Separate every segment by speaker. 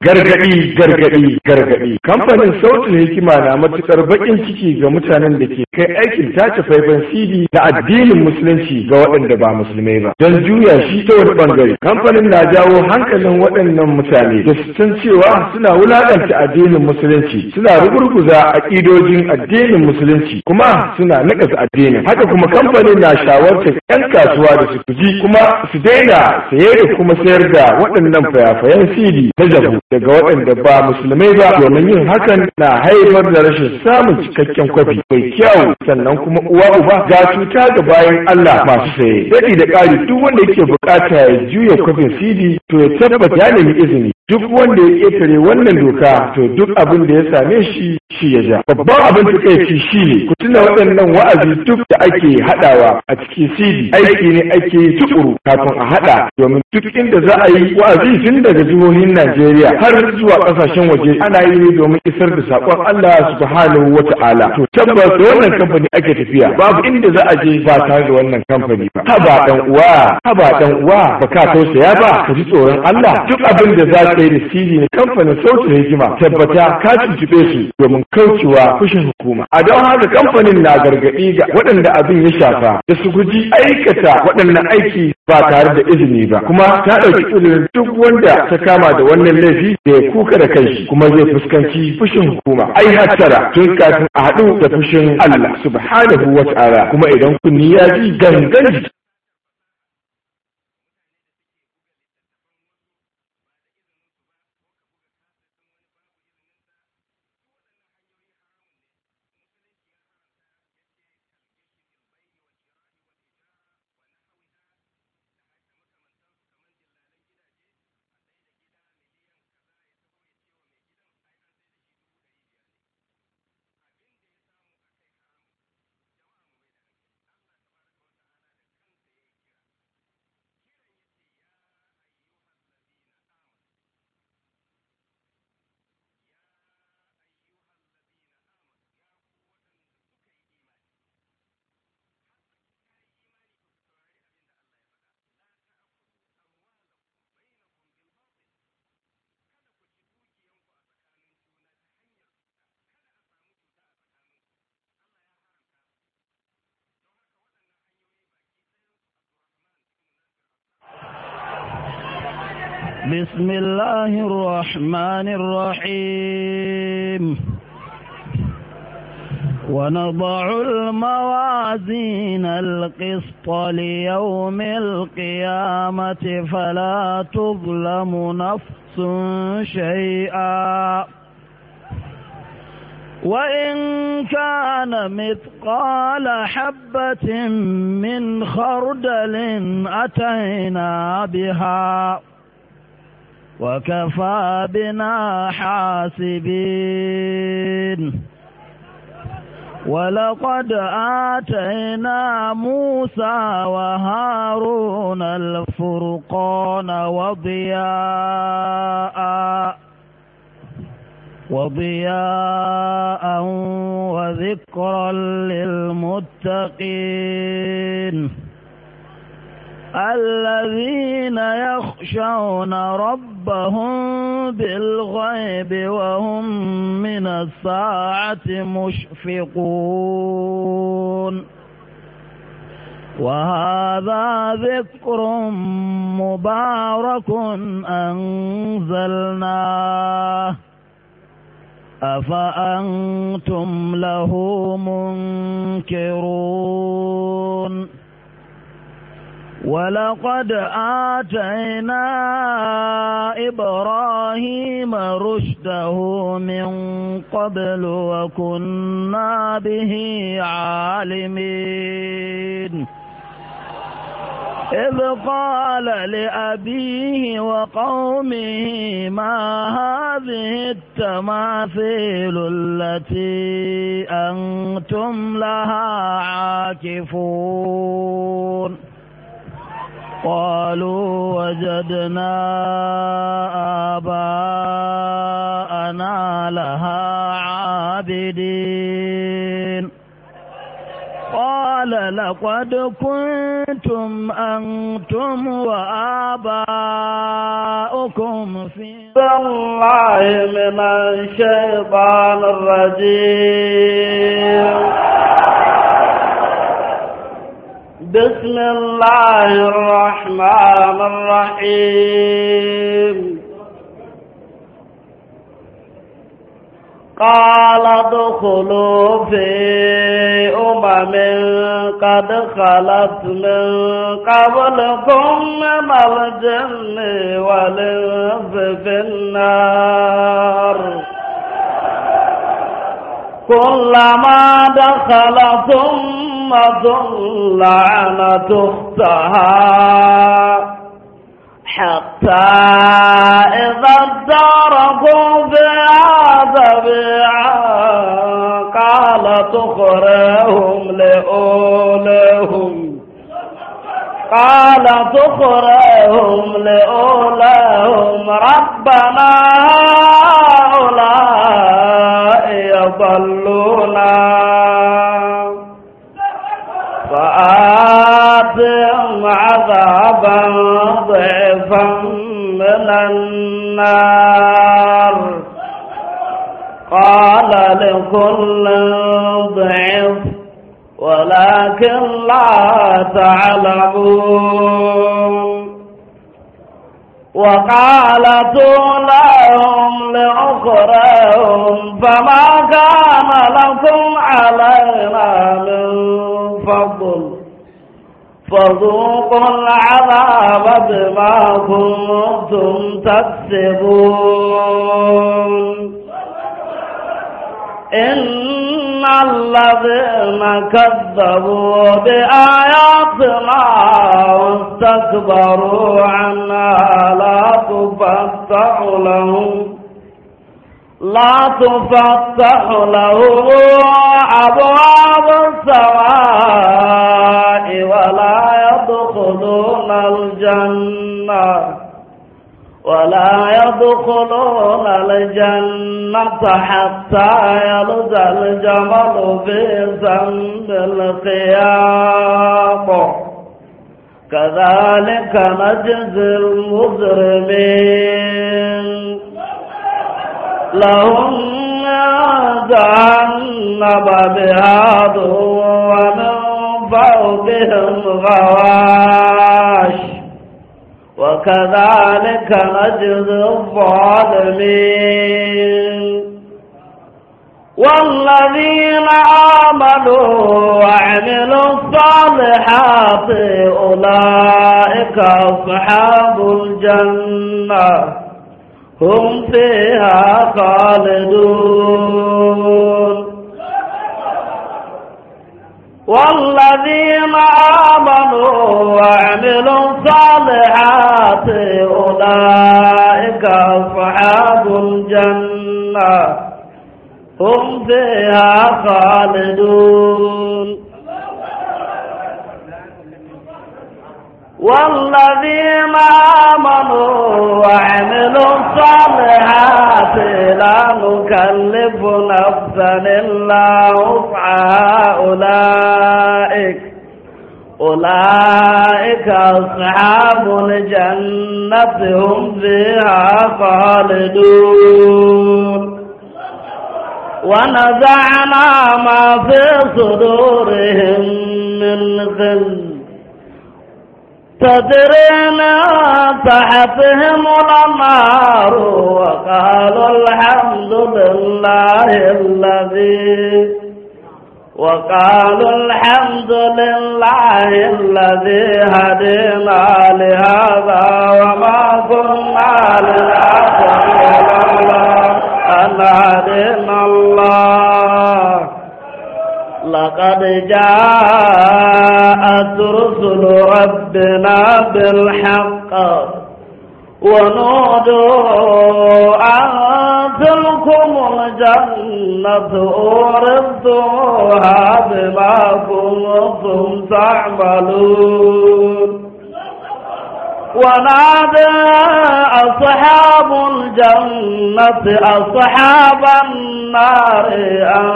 Speaker 1: gargadi gargadi gargadi kamfanin sautin hikima na matukar bakin ciki ga mutanen da ke kai aikin tace faifan cd na addinin musulunci ga waɗanda ba musulmai ba don juya shi ta wani bangare kamfanin na jawo hankalin waɗannan mutane da su san cewa suna wulaƙanta addinin musulunci suna rugurguza ƙidojin addinin musulunci kuma suna nakasa addinin haka kuma kamfanin na shawartar 'yan kasuwa da su kuji kuma su daina saye da kuma sayar da waɗannan fayafayan cd na jabu daga waɗanda ba musulmai ba domin yin hakan na haifar da rashin samun cikakken kwafi mai kyau sannan kuma uwa uba ga cuta ga bayan Allah masu saye dadi da ƙari duk wanda yake bukata ya juya kwafin CD to ya tabbata ya izini duk wanda ya ƙetare wannan doka to duk abin da ya same shi shi ya ja babban abin da kai ci shi ne ku tuna waɗannan wa'azi duk da ake haɗawa a cikin cd aiki ne ake yi tukuru kafin a haɗa domin duk inda za a yi wa'azi tun daga jihohin najeriya har zuwa ƙasashen waje ana yi ne domin isar da saƙon allah subhanahu wa ta'ala to tabbas da wannan kamfani ake tafiya babu inda za a je ba tare da wannan kamfani ba haba dan uwa haba dan uwa ba ka tausaya ba ka ji tsoron allah duk abin da za ka yi da cd ne kamfanin sautin hikima tabbata ka tuntube su domin domin kaucewa fushin hukuma a don haka kamfanin na gargaɗi ga waɗanda abin ya shafa da su guji aikata waɗannan aiki ba tare da izini ba kuma ta ɗauki ilimin duk wanda ta kama da wannan laifi da ya kuka da kanshi kuma zai fuskanci fushin hukuma ai hattara tun kafin a haɗu da fushin Allah subhanahu wa ta'ala kuma idan kunni ya ji gangan
Speaker 2: بسم الله الرحمن الرحيم ونضع الموازين القسط ليوم القيامة فلا تظلم نفس شيئا وإن كان مثقال حبة من خردل أتينا بها وكفى بنا حاسبين ولقد آتينا موسى وهارون الفرقان وضياء وضياء وذكرا للمتقين الذين يخشون ربهم بالغيب وهم من الساعة مشفقون وهذا ذكر مبارك أنزلناه أفأنتم له منكرون ولقد آتينا إبراهيم رشده من قبل وكنا به عالمين إذ قال لأبيه وقومه ما هذه التماثيل التي أنتم لها عاكفون قالوا وجدنا آباءنا لها عابدين قال لقد كنتم أنتم وآباؤكم في الله من الشيطان الرجيم بسم الله الرحمن الرحيم قال ادخلوا في أمم قد خلت من قبلكم من الجن والإنس في النار كلما دخل ثم لعنت اختها حتى إذا اداركوا فيها جميعا قال اخريهم لأولهم قال تخرهم لأولهم ربنا ضعفا من النار قال لكل ضعف ولكن لا تعلمون وقالت لهم لأخرهم فما كان لكم علينا من فضل فذوقوا العذاب بما كنتم تكسبون إن الذين كذبوا بآياتنا واستكبروا عنا لا تفتح لهم لا تفتح لهم أبواب السماء يدخلون الجنة ولا يدخلون الجنة حتى يلد الجمل في سند الخياط كذلك نجزي المجرمين لهم يا جهنم بهاد ومن بهم غواش وكذلك نجزي الظالمين والذين آمنوا وعملوا الصالحات أولئك أصحاب الجنة هم فيها خالدون والذين آمنوا وعملوا الصالحات أولئك أصحاب الجنة هم فيها خالدون والذين آمنوا وعملوا الصالحات لا نكلف نفسا إلا وسعها أولئك أولئك أصحاب الجنة هم فيها خالدون ونزعنا ما في صدورهم من غل تدري من تحتهم الأنهار وقالوا الحمد لله الذي وقالوا الحمد لله الذي هدينا لهذا وما كنا لنهتدي الله أن هدينا الله لقد جاءت رسل ربنا بالحق ونودوا أن تلكم الجنة أوردتها بما كنتم تعملون ونادى أصحاب الجنة أصحاب النار أن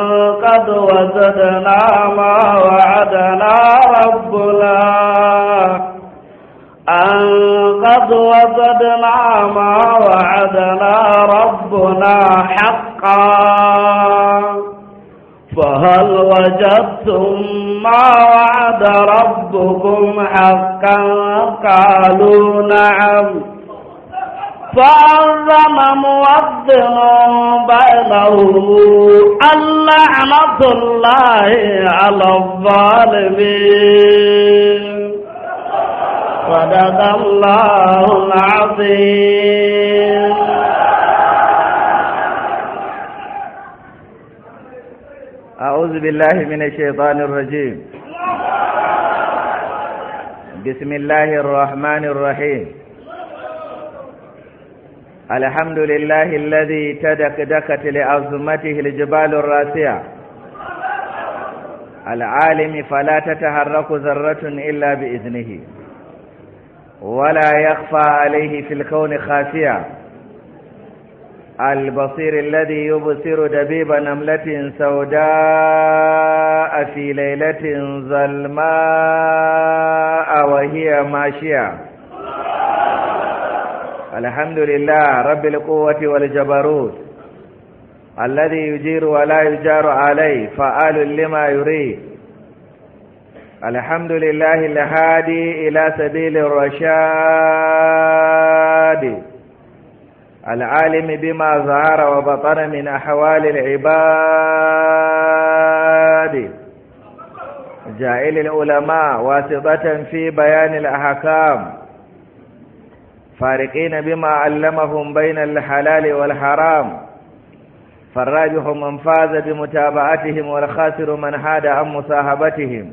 Speaker 2: قد وجدنا ما وعدنا ربنا أن قد وجدنا ما وعدنا ربنا حقا فهل وجدتم ما وعد ربكم حقا قالوا نعم فأذن موظم بينهم اللعنة الله على الظالمين صدق الله العظيم
Speaker 3: أعوذ بالله من الشيطان الرجيم بسم الله الرحمن الرحيم الحمد لله الذي تدكدكت لعظمته الجبال الراسية العالم فلا تتحرك ذرة إلا بإذنه ولا يخفى عليه في الكون خافية البصير الذي يبصر دبيب نملة سوداء في ليلة ظلماء وهي ماشية الحمد لله رب القوة والجبروت الذي يجير ولا يجار عليه فآل لما يريد الحمد لله الهادي إلى سبيل الرشاد العالم بما ظهر وبطن من أحوال العباد جائل العلماء واسطة في بيان الأحكام فارقين بما علمهم بين الحلال والحرام فالراجح من فاز بمتابعتهم والخاسر من حاد عن مصاحبتهم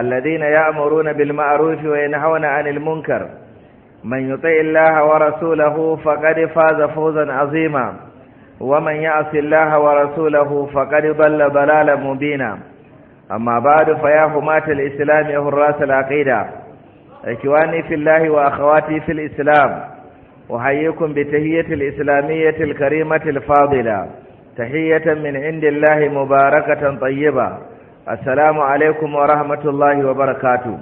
Speaker 3: الذين يأمرون بالمعروف وينهون عن المنكر من يطع الله ورسوله فقد فاز فوزا عظيما ومن يعص الله ورسوله فقد ضل ضلالا مبينا أما بعد فيا حماة الإسلام حراس العقيدة إخواني في الله وأخواتي في الإسلام أحييكم بتهية الإسلامية الكريمة الفاضلة تحية من عند الله مباركة طيبة السلام alaikum wa rahmatullahi wa barakatu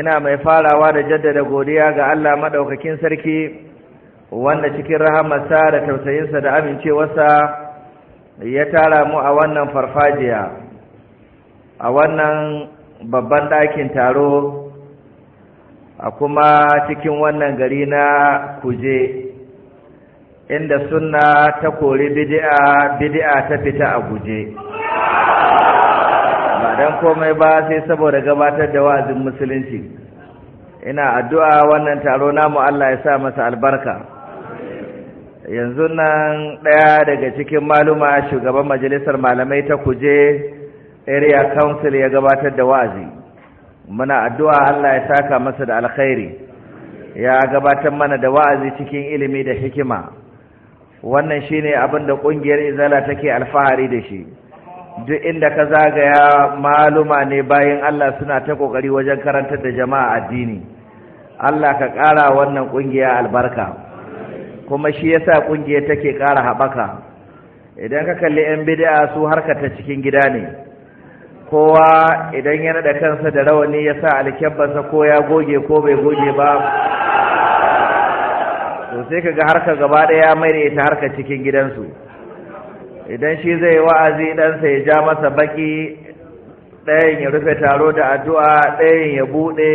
Speaker 3: ina mai farawa da jaddada godiya ga Allah madaukakin sarki wanda cikin rahamarsa da tausayinsa da amincewarsa ya tara mu a wannan farfajiya a wannan babban ɗakin taro a kuma cikin wannan gari na kuje inda sunna ta kori bid'a bid'a ta fita a guje ba dan komai ba sai saboda gabatar da wa'azin musulunci ina addu'a wannan taro namu Allah ya sa masa albarka yanzu nan ɗaya daga cikin maluma shugaban majalisar malamai ta kuje area council ya gabatar da wa'azi muna addu'a Allah ya saka masa da alkhairi ya gabatar mana da wa'azi cikin ilimi da hikima wannan shine abin da ƙungiyar izala take alfahari da shi duk inda ka zagaya maluma ne bayan Allah suna ta kokari wajen karantar da jama'a addini Allah ka ƙara wannan kungiya albarka kuma shi yasa kungiyar take ƙara haɓaka idan ka kalli yan bid'a su harka ta cikin gida ne kowa idan ya naɗa kansa da rawani ya sa alkyabbansa ko ya goge ko bai goge ba sai ka ga harka gaba ɗaya mai da ita harka cikin gidansu idan shi zai wa'azi ɗansa ya ja masa baki ɗayan ya rufe taro da addu'a ɗayan ya buɗe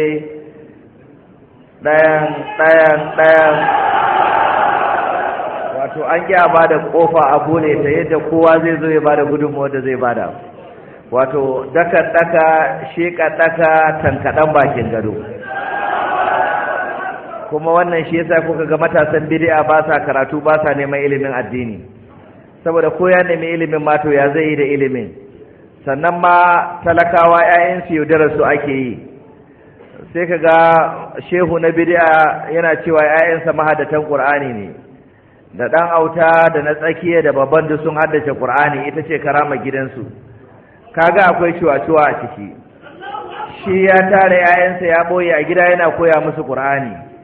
Speaker 3: ɗayan ɗayan ɗayan wato an gya ba da ƙofa a bule ta yadda kowa zai zo ya bada da gudunmawar da zai bada wato daka-daka ka daka tankaɗan bakin gado kuma wannan shi yasa kuka ga matasan bid'a ba sa karatu ba sa neman ilimin addini saboda ko ya nemi ilimin ma to ya zai yi da ilimin sannan ma talakawa ƴaƴan su yaudara su ake yi sai ka ga shehu na bid'a yana cewa 'ya'yansa mahadatan qur'ani ne da dan auta da na tsakiya da babban duk sun haddace qur'ani ita ce karama gidansu kaga akwai cuwa cuwa a ciki shi ya tare 'ya'yansa ya boye a gida yana koya musu qur'ani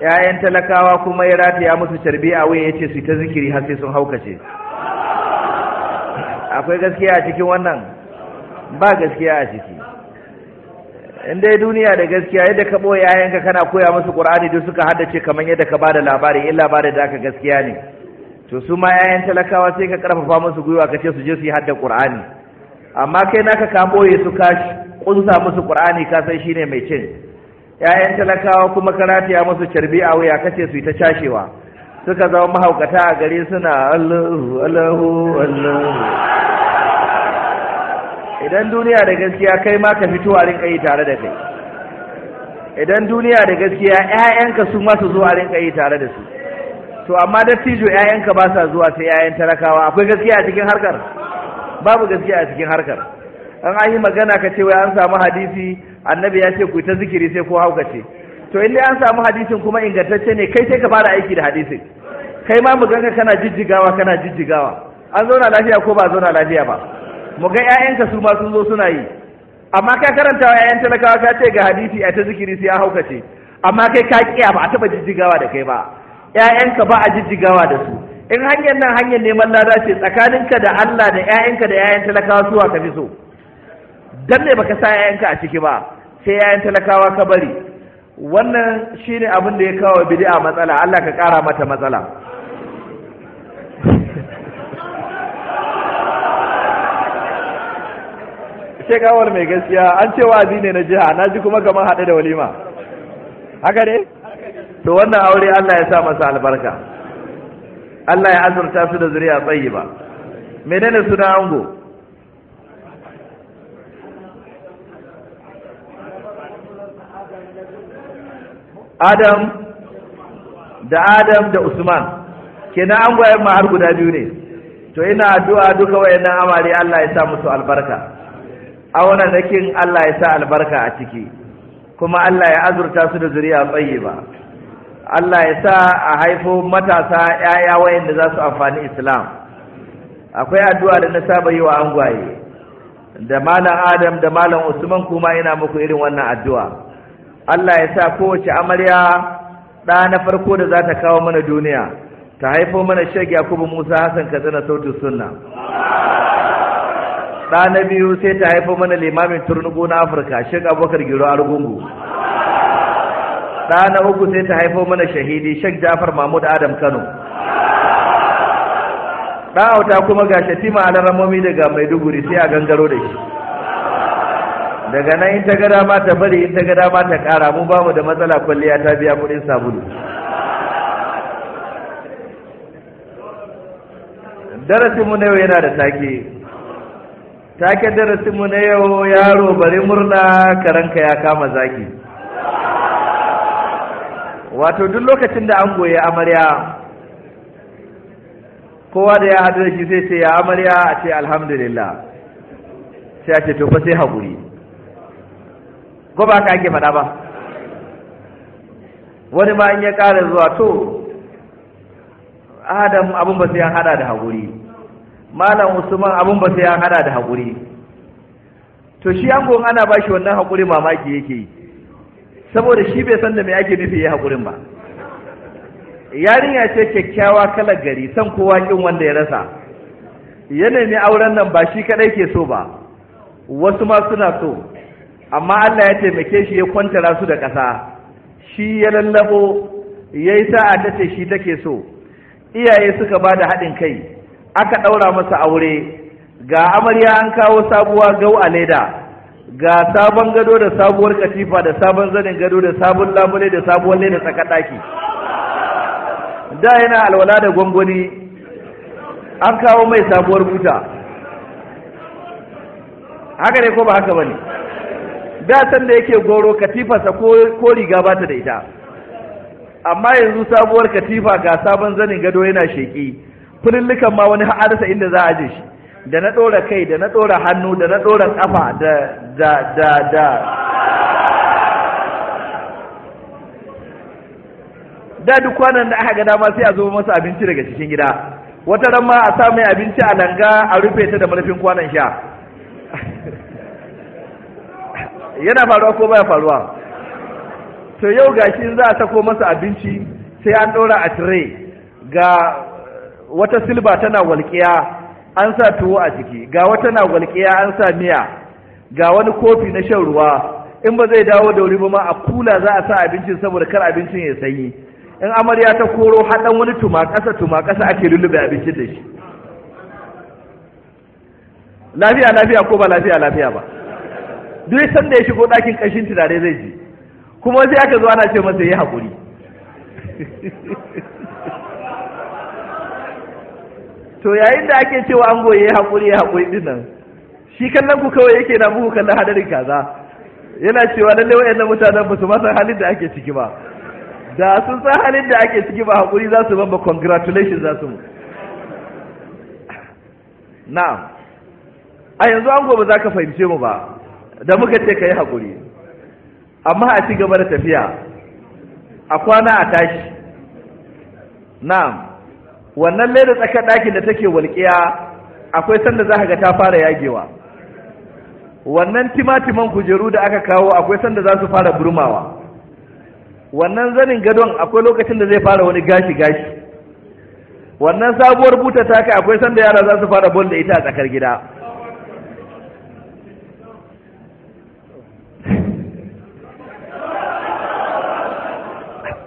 Speaker 3: 'ya'yan talakawa kuma ya rataya musu carbi a wuya ya ce su ta zikiri har sai sun haukace akwai gaskiya a cikin wannan ba gaskiya a ciki in dai duniya da gaskiya yadda ka ɓoye 'ya'yanka kana koya musu ƙur'ani duk suka haddace kamar yadda ka bada labari in ba da aka gaskiya ne to su ma 'ya'yan talakawa sai ka karfafa musu gwiwa ka ce su je su yi hadda ƙur'ani amma kai naka ka ɓoye su ka ƙunsa musu ƙur'ani ka san shine mai cin 'ya'yan talakawa kuma ya musu carbi a wuya kace su yi ta cashewa suka zama mahaukata a gari suna allahu allahu allahu idan duniya da gaskiya kai ma ka fito a rinka yi tare da kai idan duniya da gaskiya 'ya'yanka su ma su zo a rinka yi tare da su to amma dattijo 'ya'yanka ba sa zuwa sai 'ya'yan talakawa akwai gaskiya a cikin harkar babu gaskiya a cikin harkar an an magana ka ce wai an samu hadisi annabi ya ce ku ta zikiri sai ko haukace to in dai an samu hadisin kuma ingantacce ne kai sai ka fara aiki da hadisin kai ma mu ka kana jijjigawa kana jijjigawa an zauna lafiya ko ba zauna lafiya ba mu ga ƴaƴanka su ma sun zo suna yi amma ka karanta wa ƴaƴan talakawa ka ce ga hadisi a ta zikiri sai hauka haukace amma kai ka kiya ba a taba jijjigawa da kai ba ƴaƴanka ba a jijjigawa da su in hanyar nan hanyar neman lada ce tsakaninka da Allah da ƴaƴanka da ƴaƴan talakawa suwa ka fi so dan ne baka sa yayanka a ciki ba sai yayan talakawa ka bari wannan shine abin da ya kawo bid'a matsala Allah ka kara mata matsala shekawar mai gaskiya an ce wa ne na jiha na ji kuma kamar haɗe da walima haka ne to wannan aure Allah ya sa masa albarka Allah ya azurta su da zuriya tsayi ba menene suna ango adam da adam da usman kenan an goyen ma har guda biyu ne to ina addu'a duka wayannan amare Allah ya sa musu albarka auna nakin Allah ya sa albarka a ciki kuma Allah ya azurta su da zuriya tsayyiba Allah ya sa a haifo matasa ‘ya'ya wayanda za su amfani Islam akwai addu'a da na saba yi wa angwaye da malam Adam da malam Usman kuma ina muku irin wannan addu'a Allah ya sa kowace amarya ɗa na farko da za ta kawo mana duniya ta haifo mana shek yakubu musa hassan katsina sautin sunna ɗa na biyu sai ta haifo mana limamin turnugu na afirka shek abubakar giro argungu ɗa na uku sai ta haifo mana shahidi shek jafar mahmud adam kano ɗa auta kuma ga shatima alarmomi daga maiduguri sai a gangaro da shi daga nan in ta ga dama ta bari in ta ga dama ta kara mu ba mu da matsala kwalliya ta biya kudin sabulu darasinmu na yau yana da take take mu na yau yaro bari murna karanka ya kama zaki wato duk lokacin da an goye amarya kowa da ya haɗu da shi sai ce ya amarya a ce alhamdulillah sai a ce to fa sai haƙuri ko ba ka ake faɗa ba wani ma in ya ƙara zuwa to adam abin ba sai an hada da haƙuri malam usman abin ba sai an hada da haƙuri to shi an gon ana bashi wannan haƙuri mamaki yake yi saboda shi bai san da me ake nufi ya haƙurin ba yarinya ce kyakkyawa kalar gari san kowa kin wanda ya rasa Yanayin auren nan ba shi kadai ke so ba wasu ma suna so amma Allah ya taimake shi ya kwantara su da ƙasa shi ya lallabo ya yi sa'a ta ce shi take so iyaye suka ba da haɗin kai aka ɗaura masa aure ga amarya an kawo sabuwa gau a leda ga sabon gado da sabuwar katifa da sabon zanin gado da sabon labule da sabuwar leda tsaka da yana alwala da gwangwani an kawo mai sabuwar buta haka ne ko ba haka ba ne ya san da yake goro katifarsa ko riga ba ta da ita amma yanzu sabuwar katifa ga sabon zanin gado yana sheƙi fulillukan ma wani ha'arsa inda za a je shi da na ɗora kai da na ɗora hannu da na ɗora ƙafa da da da da da duk kwanan da aka ga dama sai a zo masa abinci daga cikin gida wata ran ma a sa mai abinci a langa a rufe ta da marfin kwanan sha yana faruwa ko baya faruwa to yau gashi za a sako masa abinci sai an ɗora a tire ga wata silba tana walƙiya an sa tuwo a ciki ga wata na walƙiya an sa miya ga wani kofi na shan ruwa in ba zai dawo da wuri ba ma a kula za a sa abincin saboda kar abincin ya sanyi in amarya ta koro haɗan wani tumakasa tumakasa ake lullube abincin da shi lafiya lafiya ko ba lafiya lafiya ba duk sanda ya shigo ɗakin ƙashin turare zai ji kuma sai aka zo ana ce masa ya haƙuri to yayin da ake cewa an goye ya haƙuri ya haƙuri din nan shi kallon ku kawai yake na muku kallon hadarin kaza yana cewa lalle wayannan mutanen ba su ma san halin da ake ciki ba da sun san halin da ake ciki ba haƙuri za su bamba congratulations za su mu na'am a yanzu an gobe za ka fahimce mu ba da muka ce ka yi haƙuri amma a ci gaba da tafiya a kwana a tashi na'am wannan leda tsakar ɗakin da take walƙiya akwai sanda za ga ta fara yagewa wannan timatiman kujeru da aka kawo akwai sanda za su fara burmawa wannan zanin gadon akwai lokacin da zai fara wani gashi-gashi wannan sabuwar buta taka akwai sanda yara za su fara bol da ita a tsakar gida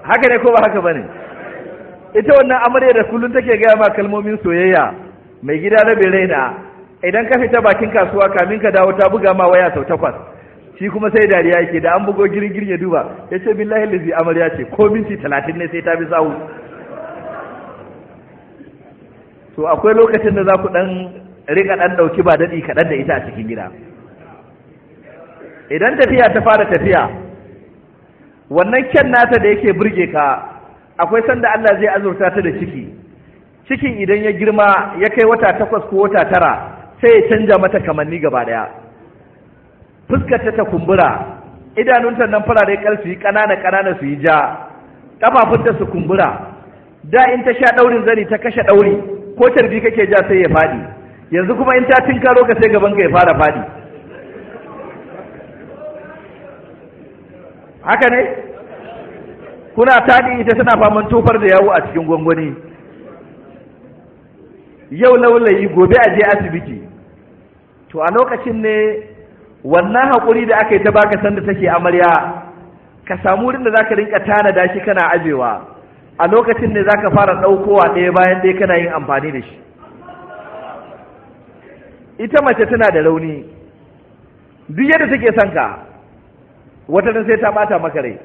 Speaker 3: haka ne ko ba haka bane ita wannan amarya da kullun take gaya ma kalmomin soyayya mai gida rabe raina idan ka fita bakin kasuwa kamin ka dawo ta buga ma waya sau takwas shi kuma sai dariya yake da an bugo girgir ya duba ya ce billahi lazi amarya ce ko minti talatin ne sai ta bi sahu to akwai lokacin da za ku dan rika dan dauki ba dadi kaɗan da ita a cikin gida idan tafiya ta fara tafiya wannan kyan nata da yake burge ka akwai sanda Allah zai azurta ta da ciki cikin idan ya girma ya kai wata takwas ko wata tara sai ya canja mata kamanni gaba daya fuskarta ta kumbura idanunta nan farare kar yi ƙanana ƙanana su yi ja ƙafafunta su kumbura da in ta sha ɗaurin zani ta kashe ɗauri ko tarbi kake ja sai ya fadi yanzu kuma in ta tinkaro ka sai gaban ka ya fara fadi haka ne kuna taɗi ita tana faman tofar da yawo a cikin gwangwani yau laulayi gobe a je asibiti to a lokacin ne wannan haƙuri da aka yi ta baka sanda take amarya ka samu wurin da za ka rinka tanada shi kana ajewa a lokacin ne za ka fara ɗaukowa ɗaya bayan ɗaya kana yin amfani da shi ita mace tana da rauni duk yadda take son ka wata ne sai ta bata maka rai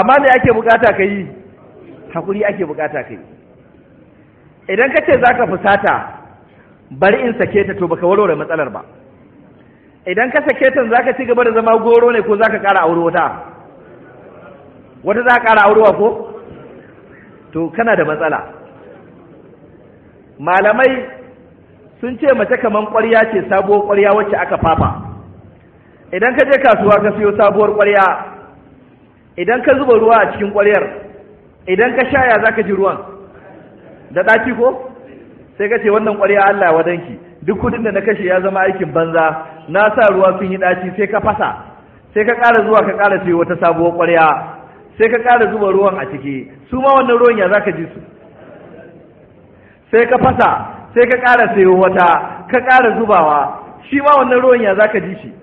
Speaker 3: amma me ake bukata ka yi hakuri ake bukata ka yi idan ka ce za ka fusata bari in sake ta to baka warware matsalar ba idan ka sake ta za ci gaba da zama goro ne ko za ka kara aure wata wata za ka kara aurewa ko to kana da matsala malamai sun ce mace kaman ƙwarya ce sabuwar ƙwarya wacce aka fafa idan ka je kasuwa ka siyo sabuwar ƙwarya idan ka zuba ruwa a cikin ƙwaryar idan ka shaya za ka ji ruwan da ɗaki ko sai ka ce wannan ƙwarya Allah ya wadanki duk kudin da na kashe ya zama aikin banza na sa ruwa sun yi ɗaci sai ka fasa sai ka ƙara zuwa ka ƙara siyo wata sabuwar ƙwarya sai ka ƙara zuba ruwan a ciki su ma wannan ruwan ya za ka ji su sai ka fasa sai ka ƙara siyo wata ka ƙara zubawa shi ma wannan ruwan ya za ka ji shi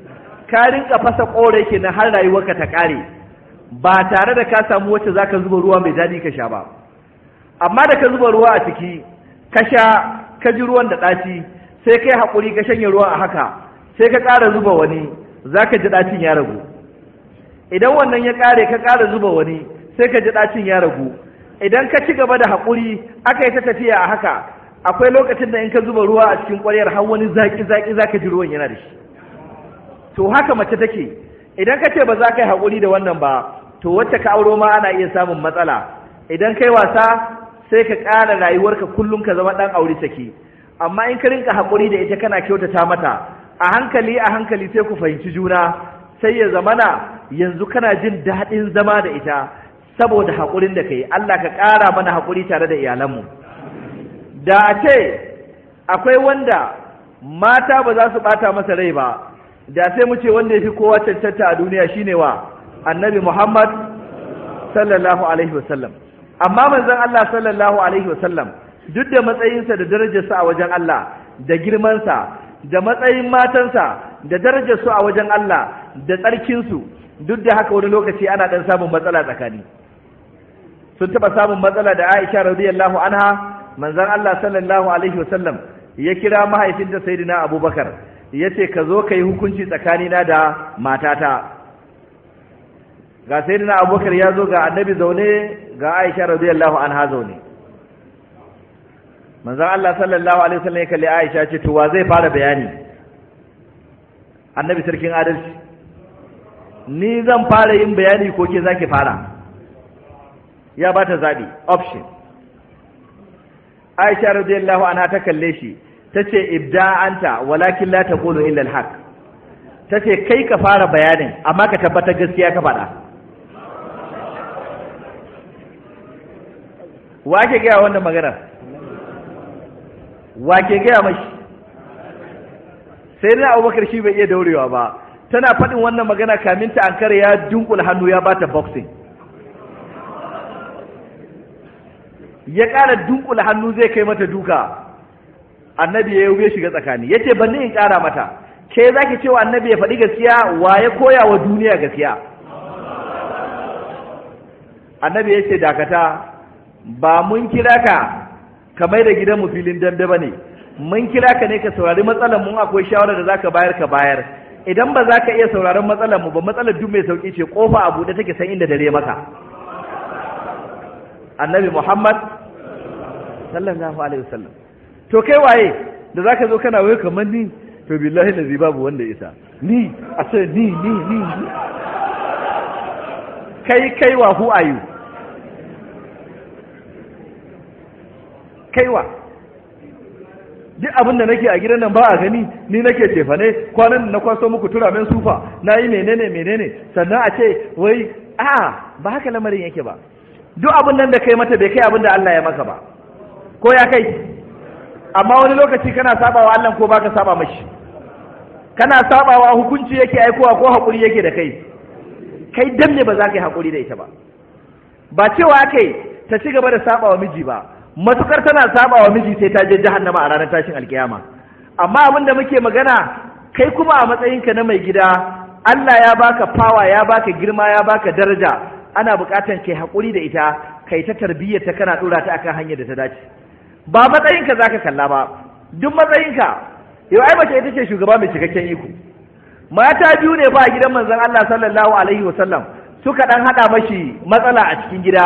Speaker 3: ka rinka fasa kore na har rayuwarka ta ƙare, ba tare da ka samu wacce zaka zuba ruwa mai daɗi ka sha ba amma da ka zuba ruwa a ciki ka sha ka ji ruwan da ɗaci sai kai hakuri ka shanye ruwa a haka sai ka ƙara zuba wani zaka ji ɗacin ya ragu idan wannan ya ƙare ka ƙara zuba wani sai ka ji ɗacin ya ragu idan ka ci gaba da hakuri aka yi ta tafiya a haka akwai lokacin da in ka zuba ruwa a cikin ƙwaryar har wani zaki zaki zaka ji ruwan yana da shi to haka mace take idan ka ce ba za ka yi haƙuri da wannan ba to wacce ka auro ma ana iya samun matsala idan kai wasa sai ka ƙara rayuwarka kullum ka zama ɗan aure take amma in ka rinka haƙuri da ita kana kyautata mata a hankali a hankali sai ku fahimci juna sai ya zamana yanzu kana jin daɗin zama da ita saboda haƙurin da ka yi Allah ka ƙara mana haƙuri tare da iyalanmu da a ce akwai wanda mata ba za su ɓata masa rai ba da sai mu ce wanda ya fi kowa cancanta a duniya shine wa annabi Muhammad sallallahu alaihi wasallam amma manzon Allah sallallahu alaihi wasallam duk da matsayinsa da darajarsa a wajen Allah da girmansa da matsayin matansa da darajarsu a wajen Allah da tsarkinsu duk da haka wani lokaci ana dan samun matsala tsakani sun taɓa samun matsala da Aisha radiyallahu anha manzon Allah sallallahu alaihi wasallam ya kira mahaifinta sayyidina Abubakar yace ka zo kai hukunci tsakanina da matata ga sayyidina abubakar ya zo ga annabi zaune ga aisha radiyallahu anha zaune manzon Allah sallallahu alaihi wasallam ya kalli aisha ce to wa zai fara bayani annabi sarkin adalci ni zan fara yin bayani ko ke zaki fara ya bata zabi option aisha radiyallahu anha ta kalle shi tace ibda'anta walakin la taqulu illa al-haq tace kai ka fara bayanin amma ka tabbatar gaskiya ka faɗa wa ke gaya wannan magana wa ke gaya mashi sai na abubakar shi bai iya daurewa ba tana faɗin wannan magana kamin ta ankara ya dunkula hannu ya bata boxing ya ƙara dunkula hannu zai kai mata duka annabi ya yi shiga tsakani Ya yace balle in kara mata ke za ki cewa annabi ya faɗi gaskiya wa ya koya wa duniya gaskiya annabi ya ce dakata ba mun kira ka ka mai da gidanmu filin dambe ba ne mun kira ka ne ka saurari matsalar mun akwai shawarar da za ka bayar ka bayar idan ba za ka iya sauraron matsalar mu ba matsalar duk mai sauki ce kofa a buɗe take san inda dare maka annabi muhammad sallallahu alaihi wasallam to kai waye da zaka zo kana waye kamar
Speaker 1: ni to billahi lazi babu wanda isa ni a ce ni ni ni kai kai wa hu ayu
Speaker 3: kai kaiwa duk abin da nake a gidan nan ba a gani ni nake ne kwanan na kwaso muku turamen sufa na yi menene menene sannan a ce wai a ba haka lamarin yake ba duk abin nan da kai mata bai kai abin da Allah ya maka ba ko ya kai amma wani lokaci kana sabawa Allah ko baka saba mashi kana sabawa hukunci yake aikowa ko hakuri yake da kai kai dan ne ba za ka yi hakuri da ita ba ba cewa kai ta ci gaba da sabawa miji ba matukar tana sabawa miji sai ta je jahannama a ranar tashin alkiyama amma abin da muke magana kai kuma a matsayinka na mai gida Allah ya baka fawa ya baka girma ya baka daraja ana buƙatar kai haƙuri da ita kai ta tarbiyyar ta kana ɗora ta akan hanyar da ta dace ba matsayinka zaka kalla ba duk matsayinka yau ai mace ita ce shugaba mai cikakken iko mata biyu ne ba a gidan manzon Allah sallallahu alaihi wasallam suka ɗan haɗa mashi matsala a cikin gida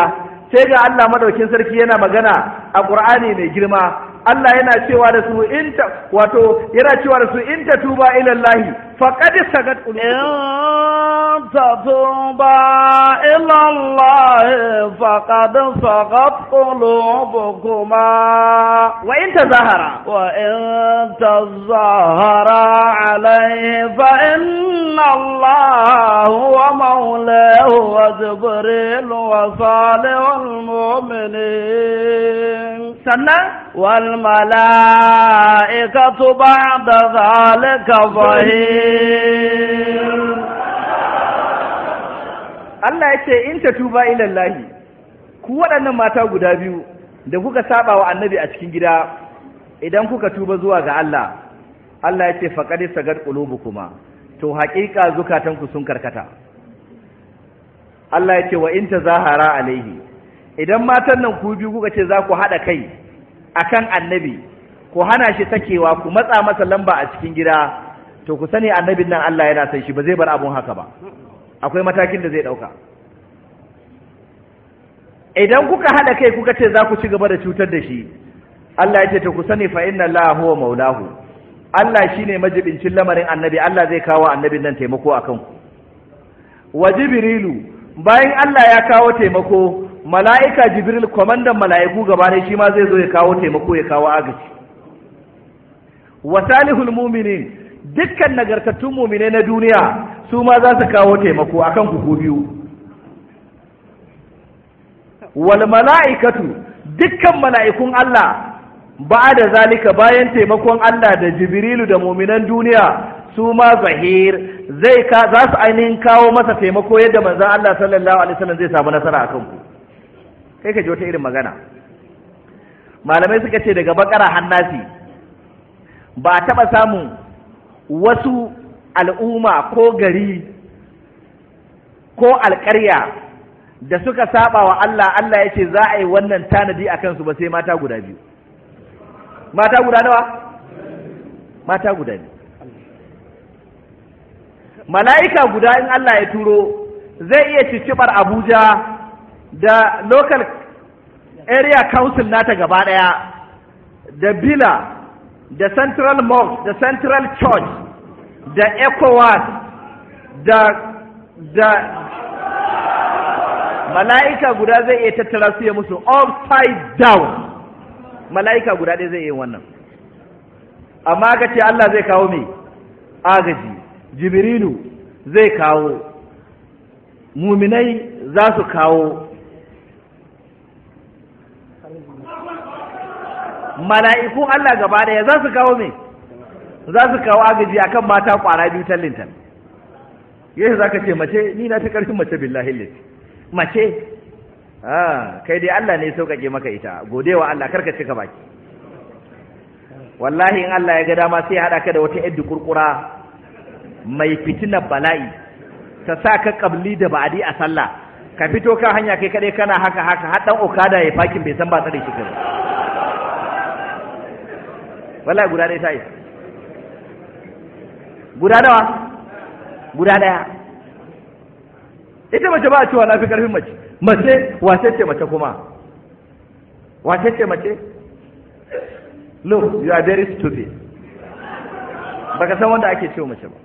Speaker 3: sai ga Allah madaukin sarki yana magana a Qur'ani mai girma Allah yana cewa da su in wato yana
Speaker 2: cewa da su in tuba ilallahi فقد سجد إن تتوبا إلى الله فقد سقط قلوبكما وإن تظاهرا وإن تظاهرا عليه فإن الله هو مولاه وجبريل وصالح المؤمنين سنة والملائكة بعد ذلك ظهير
Speaker 3: Allah ya ce in ta tuba ilallahi ku waɗannan mata guda biyu da kuka saba wa annabi a cikin gida idan kuka tuba zuwa ga Allah Allah ya ce faqad sagat kuma, to haƙiƙa zukatanku sun karkata Allah ya ce wa in ta zahara alaihi idan matan nan ku biyu kuka ce za ku haɗa kai akan annabi ku hana shi sakewa ku matsa masa lamba a cikin gida to ku sani annabin nan Allah yana san shi ba zai bar abun haka ba akwai matakin da zai dauka idan kuka hada kai kuka ce za ku ci gaba da cutar da shi Allah ya ce to ku sani fa inna Allah huwa maulahu Allah shine majibincin lamarin annabi Allah zai kawo annabin nan taimako akan ku wa jibrilu bayan Allah ya kawo taimako mala'ika jibril kwamandan mala'iku gaba ne shi ma zai zo ya kawo taimako ya kawo agaji wa salihul muminin dukkan nagartattun mumine na duniya su ma za su kawo taimako a kan kuku biyu wal mala'ikatu dukkan mala'ikun Allah ba da zalika bayan taimakon Allah da jibrilu da muminan duniya su ma zahir zai ka za su ainihin kawo masa taimako yadda manzon Allah sallallahu alaihi wasallam zai samu nasara a kanku kai ka ji wata irin magana malamai suka ce daga bakara hannasi ba a taɓa samun wasu al'umma ko gari ko alƙarya da suka saba wa Allah Allah ya ce za a yi wannan tanadi a kansu ba sai mata guda biyu mata guda nawa mata guda biyu mala'ika guda in Allah ya turo zai iya cicibar Abuja da local area council nata gaba ɗaya da bila da central mosque da central church da ecowas da da mala'ika guda zai iya tattara su ya musu upside down mala'ika guda ɗaya zai iya wannan amma ka ce Allah zai kawo mai agaji jibrilu zai kawo muminai za su kawo mala'ikun Allah gaba daya za su kawo me za su kawo agaji akan mata kwara biyu tallintan yayin zaka ce mace ni na ta karfin mace billahi lati mace ah kai dai Allah ne sauƙaƙe maka ita godewa Allah karka cika baki wallahi in Allah ya ga dama sai ya hada ka da wata yadda kurkura mai fitina bala'i ta sa ka kabli da ba'adi a sallah ka fito kan hanya kai kaɗai kana haka haka har dan okada ya fakin bai san ba tsare shi kai wallahi guda ɗaya ta yi. guda dawa? guda ɗaya ita mace ba a cewa na fi ƙarfin mace mace wace ce mace kuma wace ce mace no you are very stupid baka san wanda ake cewa mace ba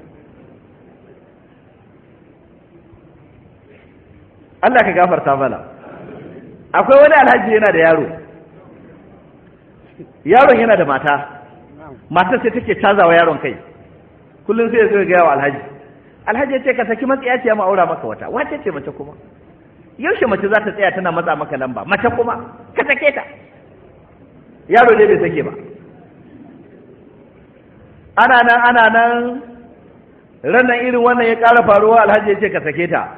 Speaker 3: Allah ka gafarta mana akwai wani alhaji yana da yaro yaron yana da mata matar sai take cazawa yaron kai kullum sai ya zo ya gaya wa alhaji alhaji ya ce ka saki matsaya ce ma aura maka wata wace ce mace kuma yaushe mace za ta tsaya tana matsa maka lamba mace kuma ka sake ta yaro ne bai sake ba ana nan ana nan ranar irin wannan ya ƙara faruwa alhaji ya ce ka sake ta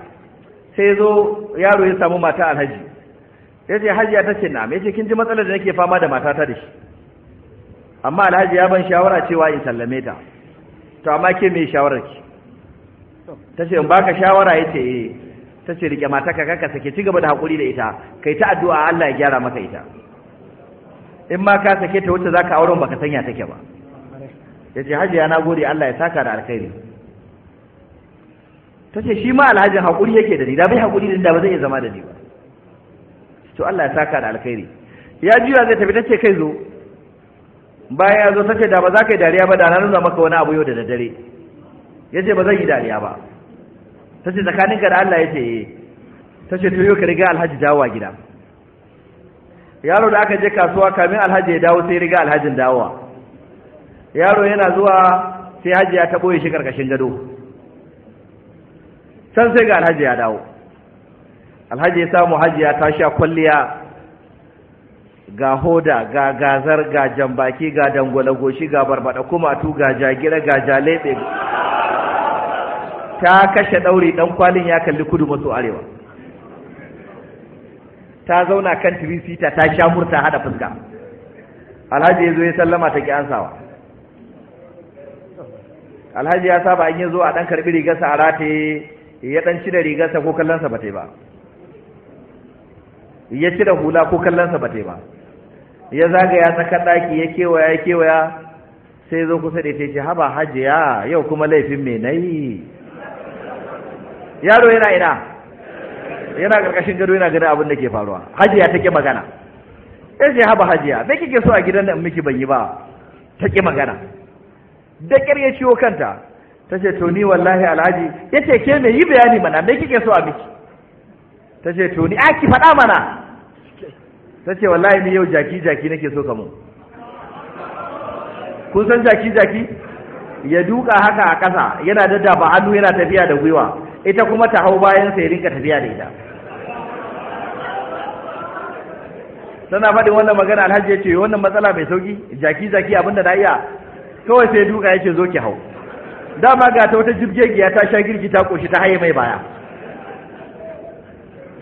Speaker 3: sai zo yaro ya samu mata alhaji ya ce hajiya ta ce na me ce kin ji matsalar da nake fama da matata da shi amma alhaji ya ban shawara cewa in sallame ta to amma ke me shawarar ki ta ce in baka shawara ya ce eh ta ce rike mata ka kaka sake ci gaba da haƙuri da ita kai ta addu'a Allah ya gyara maka ita in ma ka sake ta wuce zaka auren baka sanya take ba ya ce hajiya na gode Allah ya saka da alkhairi ta ce shi ma alhajin haƙuri yake da ni da bai haƙuri da ba zai iya zama da ni ba to Allah ya saka da alkhairi ya juya zai tafi ta ce kai zo Baya ya zo ta ce da ba za ka yi dariya ba da na zama maka wani abu yau da daddare ya ce ba zan yi dariya ba ta ce tsakaninka da Allah ya ce ta eh. ce to yau ka riga alhaji dawowa gida yaro da aka je kasuwa kamin alhaji ya dawo sai riga alhajin dawowa yaro yana zuwa sai haji ya taɓo ya shi karkashin gado can sai ga alhaji ya dawo alhaji ya samu haji ya tashi a kwalliya ga hoda ga gazar ga jambaki ga dangwala goshi ga barbada kumatu ga jagira ga jalebe ta kashe ɗauri ɗan kwalin ya kalli kudu maso arewa ta zauna kan tirisita ta sha murta hada fuska alhaji ya zo ya sallama ta ki ansawa alhaji ya saba in yi zo a ɗan karɓi rigarsa a rataye ya ɗan cire rigarsa ko kallonsa ba ta ba ya cire hula ko kallonsa ba ta ba ya zagaya tsakar daki ya kewaya ya kewaya sai zo kusa da ce haba hajiya yau kuma laifin me nayi yaro yana ina yana karkashin gado yana gani abin da ke faruwa hajiya take magana ya ce haba hajiya me kike so a gidan nan miki ban yi ba take magana da ƙyar ya ciwo kanta ta ce to ni wallahi alhaji ya ce ke me yi bayani mana me kike so a miki ta ce to ni a ki faɗa mana ta ce wallahi ni yau jaki jaki nake so kamun kun san jaki jaki ya duka haka a kasa yana daddafa hannu yana tafiya da gwiwa ita kuma ta hau bayan sai rinka tafiya da ita tana faɗin wannan magana alhaji ya ce wannan matsala mai sauki jaki jaki abinda na iya kawai sai duka ya zo ki hau dama ga ta wata jibgegiya ta sha girgi ta koshi ta haye mai baya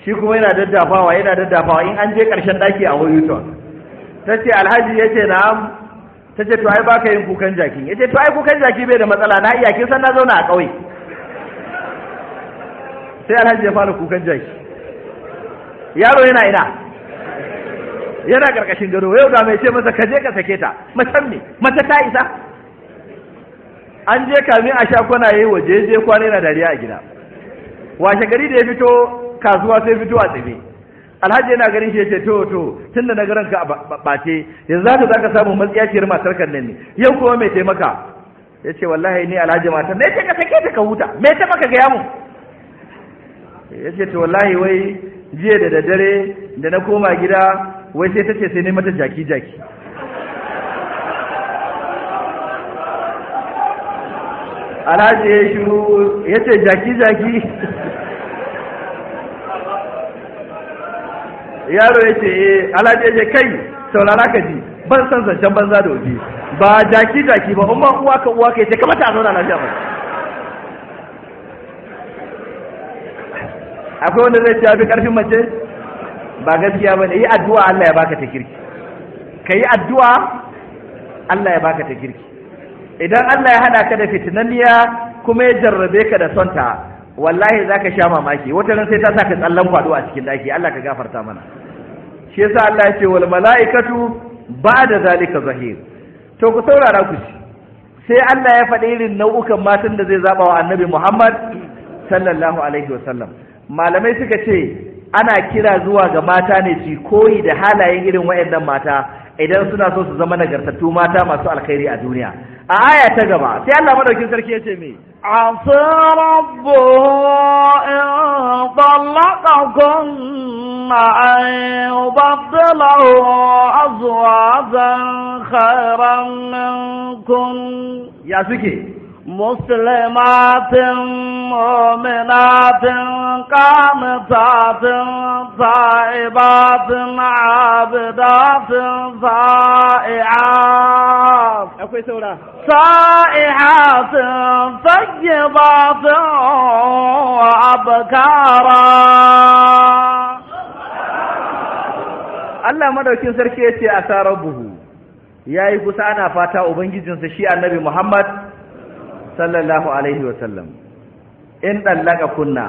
Speaker 3: shi kuma yana daddafawa yana daddafawa in an je ƙarshen ɗaki a Houston ta ce alhaji ya ce na'am ta ce to ai ba ka yin kukan jaki ya ce to ai kukan jaki bai da matsala na iya kin san na zauna a ƙauye sai alhaji ya fara kukan jaki yaro yana ina yana ƙarƙashin gado yau da mai ce masa ka je ka sake ta mace ne mace ta isa an je kamin a sha kwanaye waje je kwana yana dariya a gida washe gari da ya fito kasuwa sai fito a tsaye alhaji yana ganin shi yace to to tunda na garan ka bace yanzu zaka zaka samu matsiyaciyar matar kan nan ne yau kuma mai taimaka yace wallahi ni alhaji matar ne ce ka sake ta ka huta me ta maka ga ya yace to wallahi wai jiya da daddare da na koma gida wai sai ta ce sai ne mata jaki jaki alhaji ya shiru ce jaki jaki yaro ya ce eh, alaje ya kai saurara ka ji ban san zancen banza da waje ba jaki jaki ba umar uwa ka uwa ka ce kamata a zauna lafiya ba akwai wanda zai cewa fi karfin mace ba gaskiya ba ne yi addu'a Allah ya baka ta kirki ka yi addu'a Allah ya baka ta kirki idan Allah ya hada ka da fitinanniya kuma ya jarrabe ka da sonta wallahi za ka sha mamaki wata ran sai ta sa ka tsallan kwado a cikin daki Allah ka gafarta mana shi yasa Allah ya ce wal mala'ikatu ba'da zalika zahir to ku saurara ku ci sai Allah ya faɗi irin nau'ukan matan da zai zaɓa wa Annabi Muhammad sallallahu alaihi wa sallam. malamai suka ce ana kira zuwa ga mata ne su koyi da halayen irin waɗannan mata idan suna so su zama nagartattu mata masu alkhairi a duniya a aya ta gaba
Speaker 2: sai Allah madaukin sarki yace me asa rabbu in talaqa kunna an yubaddalahu azwajan khairan kun. ya suke مسلمات مؤمنات قانتات صائبات عابدات سائحات سائحات طيبات وأبكارا Allah madaukin
Speaker 3: sarki ya ce a sa ya yi kusa ana fata Ubangijinsa shi annabi Muhammad sallallahu alaihi wa sallam in dallaka kunna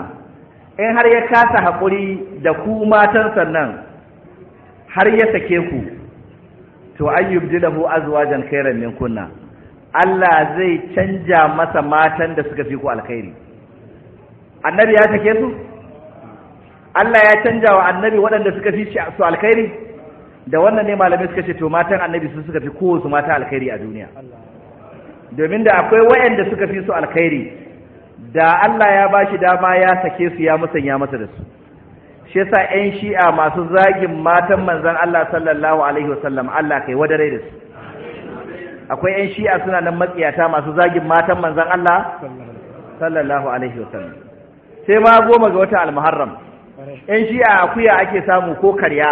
Speaker 3: in har ya kasa haƙuri da ku matan sannan har ya sake ku to ayyub dilahu azwajan khairan min kunna Allah zai canja masa matan da suka fi ku alkhairi annabi ya sake su Allah ya canja wa annabi waɗanda suka fi su alkhairi da wannan ne malamai suka ce to matan annabi su suka fi kowace mata alkhairi a duniya domin da akwai waɗanda suka fi su alkhairi da Allah ya bashi dama ya sake su ya musanya masa da su shi yasa ƴan shi'a masu zagin matan manzon Allah sallallahu alaihi wasallam Allah kai wadare da su akwai ƴan shi'a suna nan matsiyata masu zagin matan manzon Allah sallallahu alaihi wasallam sai ma goma ga wata almuharram ƴan shi'a akuya ake samu ko karya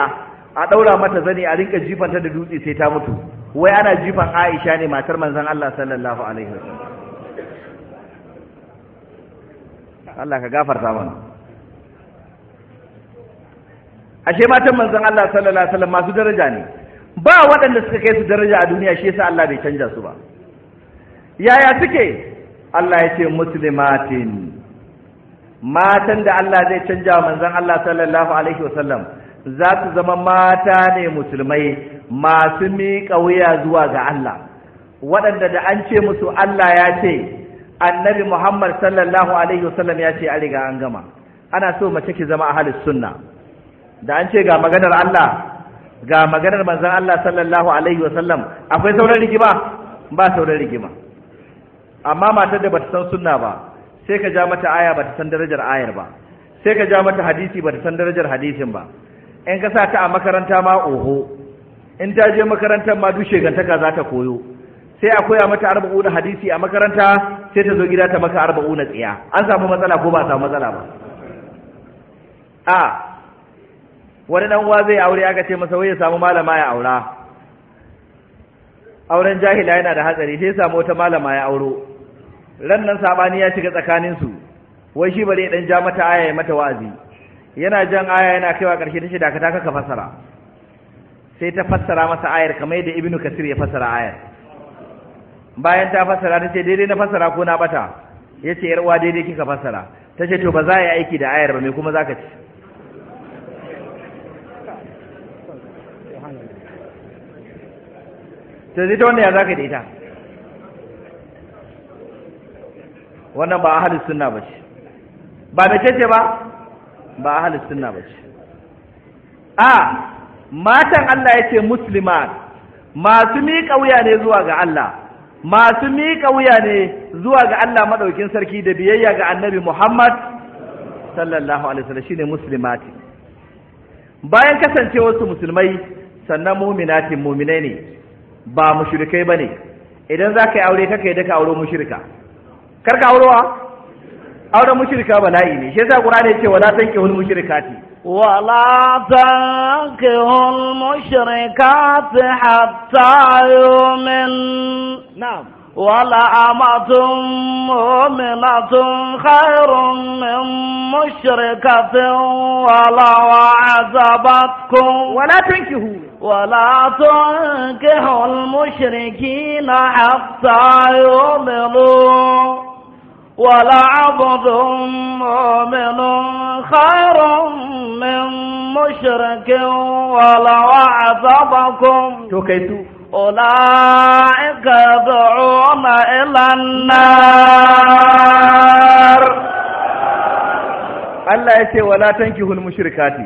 Speaker 3: a daura mata zani a rinka jifanta da dutse sai ta mutu wai ana jifan Aisha ne matar manzon Allah sallallahu alaihi wasallam Allah ka gafarta mana ashe matan manzon Allah sallallahu alaihi wasallam masu daraja ne ba waɗanda suka kai su daraja a duniya shi yasa Allah bai canja su ba yaya suke Allah ya ce muslimatin matan da Allah zai canja manzon Allah sallallahu alaihi wasallam za su zama mata ne musulmai masu miƙa wuya zuwa ga Allah waɗanda da an ce musu Allah ya ce annabi Muhammad sallallahu alaihi wasallam ya ce a riga an gama ana so mace ki zama ahlus sunna da an ce ga maganar Allah ga maganar manzon Allah sallallahu alaihi wasallam akwai sauran rigima ba sauran rigima amma matar da bata san sunna ba sai ka ja mata aya bata san darajar ayar ba sai ka ja mata hadisi bata san darajar hadisin ba in ka sa ta a makaranta ma oho in ta je makarantar ma duk shegantaka za ta koyo sai a koya mata na hadisi a makaranta sai ta zo gida ta maka arba'u na tsiya an samu matsala ko ba samu matsala ba a wani dan uwa zai aure aka ce masa wai ya samu malama ya aura auren jahila yana da hatsari sai ya samu wata malama ya auro ran nan sabani ya shiga tsakanin su wai shi bare dan ja mata aya ya mata wa'azi yana jan aya yana kaiwa karshe ta shi dakata kaka ka sai ta fassara masa ayar kamar yadda ibnu kasir ya fassara ayar bayan ta fassara ta ce daidai na fassara ko na bata ya ce yar uwa daidai kika fassara ta ce to ba za a yi aiki da ayar ba me kuma za ka ci to zai ta wanda ya za ka wannan ba ahalus sunna ba ce ba da ce ba ba ahalus sunna ba ce a matan Allah ya ce muslimat masu miƙa wuya ne zuwa ga Allah masu miƙa wuya ne zuwa ga Allah maɗaukin sarki da biyayya ga annabi Muhammad sallallahu alaihi wasallam shine muslimati bayan kasance wasu musulmai sannan muminati muminai ne ba mushirikai ba ne, idan za ka yi aure kaka yi daka auro mushirika, karka ka aurowa auren mushrika bala'i ne shi yasa qur'ani yake wala
Speaker 2: tankihul ولا تنكه المشركات حتى يؤمن نعم ولا أمة مؤمنة خير من مشركة ولا وعزبتكم ولا تنكه ولا تنكه المشركين حتى يؤمنوا ولعبد مؤمن خير من مشرك ولو أعذبكم أولئك يدعون إلى النار Allah ya
Speaker 3: ce wala tankihul mushrikati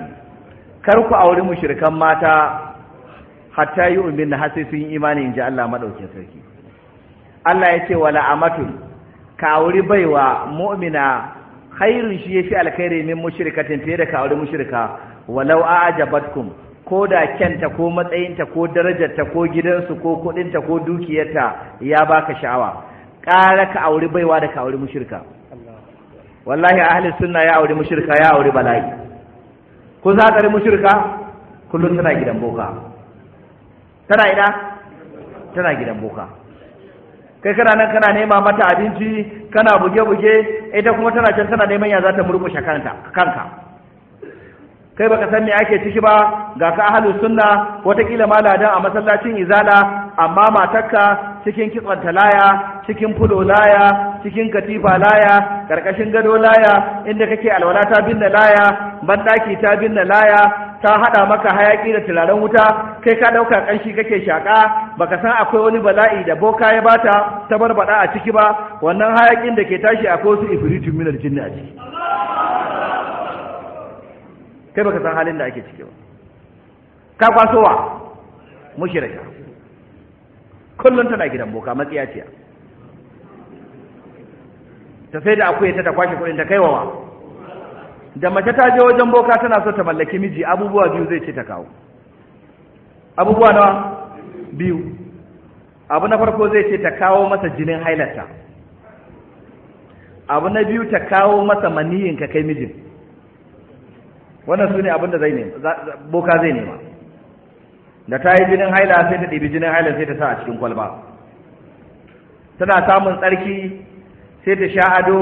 Speaker 3: kar ku auri mushrikan mata hatta yi har sai sun yi imani ji Allah madaukin sarki Allah ya ce wala amatun Ka kawuri baiwa mu'mina khairun shi yafi alkhairi min mushrikatin fiye da kawuri mushrika walau a'jabatkum ko da kyanta ko matsayinta ko darajarta ko gidansu ko kudinta ko dukiyarta ya baka sha'awa ƙara ka auri baiwa da ka auri mushrika wallahi ahli sunna ya auri mushrika ya auri bala'i ko za ka mushrika kullum tana gidan boka tana ina tana gidan boka kai kana nan kana nema mata abinci kana buge-buge ita kuma tana can tana neman ya za ta murkushe kanka kai baka san me ake ciki ba ga ka ahlus sunna watakila maladan a masallacin izala amma matarka cikin kitson talaya cikin fulo laya cikin katifa laya karkashin gado laya inda kake alwala ta binne laya banɗaki ta binne laya ta haɗa maka hayaƙi da turaren wuta kai ka ɗauka ƙanshi kake shaƙa baka san akwai wani bala'i da boka ya bata ta barbaɗa a ciki ba wannan hayaƙin da ke tashi akwai wasu ifritun minar jinni a ciki kai baka san halin da ake ciki ba ka kwasowa mushrika kullum tana gidan boka matsiyaciya ta sai da akwai ta ta kwashe kuɗin ta wa. da mace ta je wajen boka tana so ta mallaki miji abubuwa biyu zai ce ta kawo abubuwa nawa biyu abu na farko zai ce ta kawo masa jinin hailarta abu na biyu ta kawo masa maniyin ka kai mijin wannan su ne abin da zai nema boka zai nema da ta yi jinin haila sai ta ɗibi jinin haila sai ta sa a cikin kwalba tana samun tsarki sai ta sha ado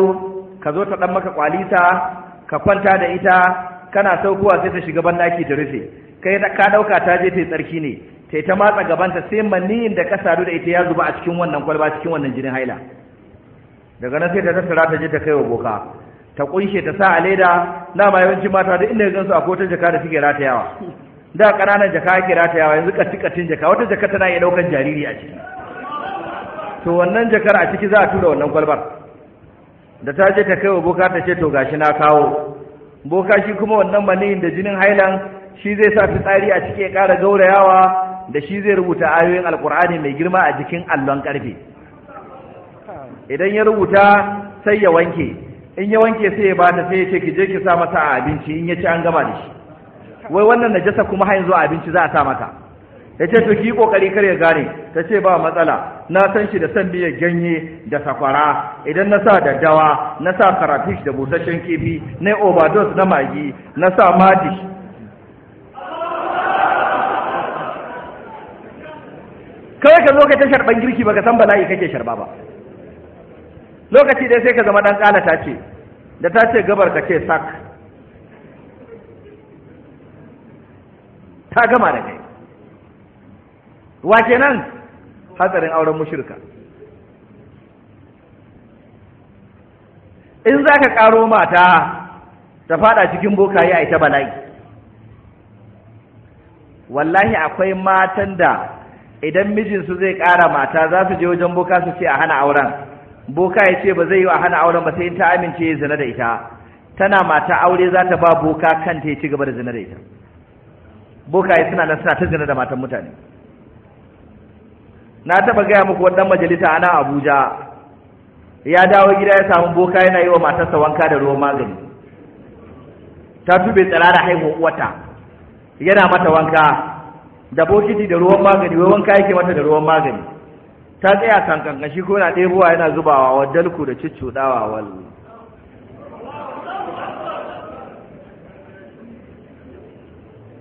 Speaker 3: ka zo ta ɗan maka kwalita ka kwanta da ita kana saukowa sai ta shiga banɗaki ta rufe kai da ka ɗauka ta je ta tsarki ne ta ta matsa gabanta sai maniyin da ka sadu da ita ya zuba a cikin wannan kwalba cikin wannan jinin haila daga nan sai ta tattara ta je ta kai boka ta kunshe ta sa a leda na ma yawancin mata duk inda gansu akwai wata jaka da suke ratayawa da ƙananan jaka ake ratayawa yanzu kacikatin jaka wata jaka tana iya ɗaukan jariri a ciki to wannan jakar a ciki za a tura wannan kwalbar da ta je ta kai wa boka ta ce to gashi na kawo boka shi kuma wannan maniyin da jinin hailan shi zai sa fitsari a ciki ya ƙara gaurayawa da shi zai rubuta ayoyin alkur'ani mai girma a jikin allon ƙarfe idan ya rubuta sai ya wanke in ya wanke sai ya bata sai ya ce ki je ki sa mata a abinci in ya ci an gama da shi wai wannan najasa kuma har yanzu abinci za a sa mata ya ce to ki kokari kar ya gane ta ce ba matsala na san shi da san biyar ganye da sakwara idan na sa daddawa na sa karafish da busashen kifi na overdose na magi na sa mati kawai ka zo ka ta sharban girki baka san bala'i kake sharba ba lokaci dai sai ka zama dan ta ce da ta ce gabar ka ce sak ta gama da kai wa kenan hatsarin auren mushirka in za ka ƙaro mata ta fada cikin bokaye a ita bala'i wallahi akwai matan da idan mijinsu zai ƙara mata za su je wajen boka su ce a hana auren boka ya ce ba zai yi a hana auren ba sai in ta amince ya zina da ita tana mata aure za ta ba boka kanta ya ci gaba da zina da ita ya suna nan suna ta zina da matan mutane na taba gaya muku wannan majalisa a nan abuja ya dawo gida ya samu boka yana yi wa matarsa wanka da ruwan magani ta tube tsara da haihuwar wata yana mata wanka da bokiti da ruwan magani wai wanka yake mata da ruwan magani ta tsaya kankan shi ko na ɗebowa yana zubawa wa dalku da ciccuɗawa wallo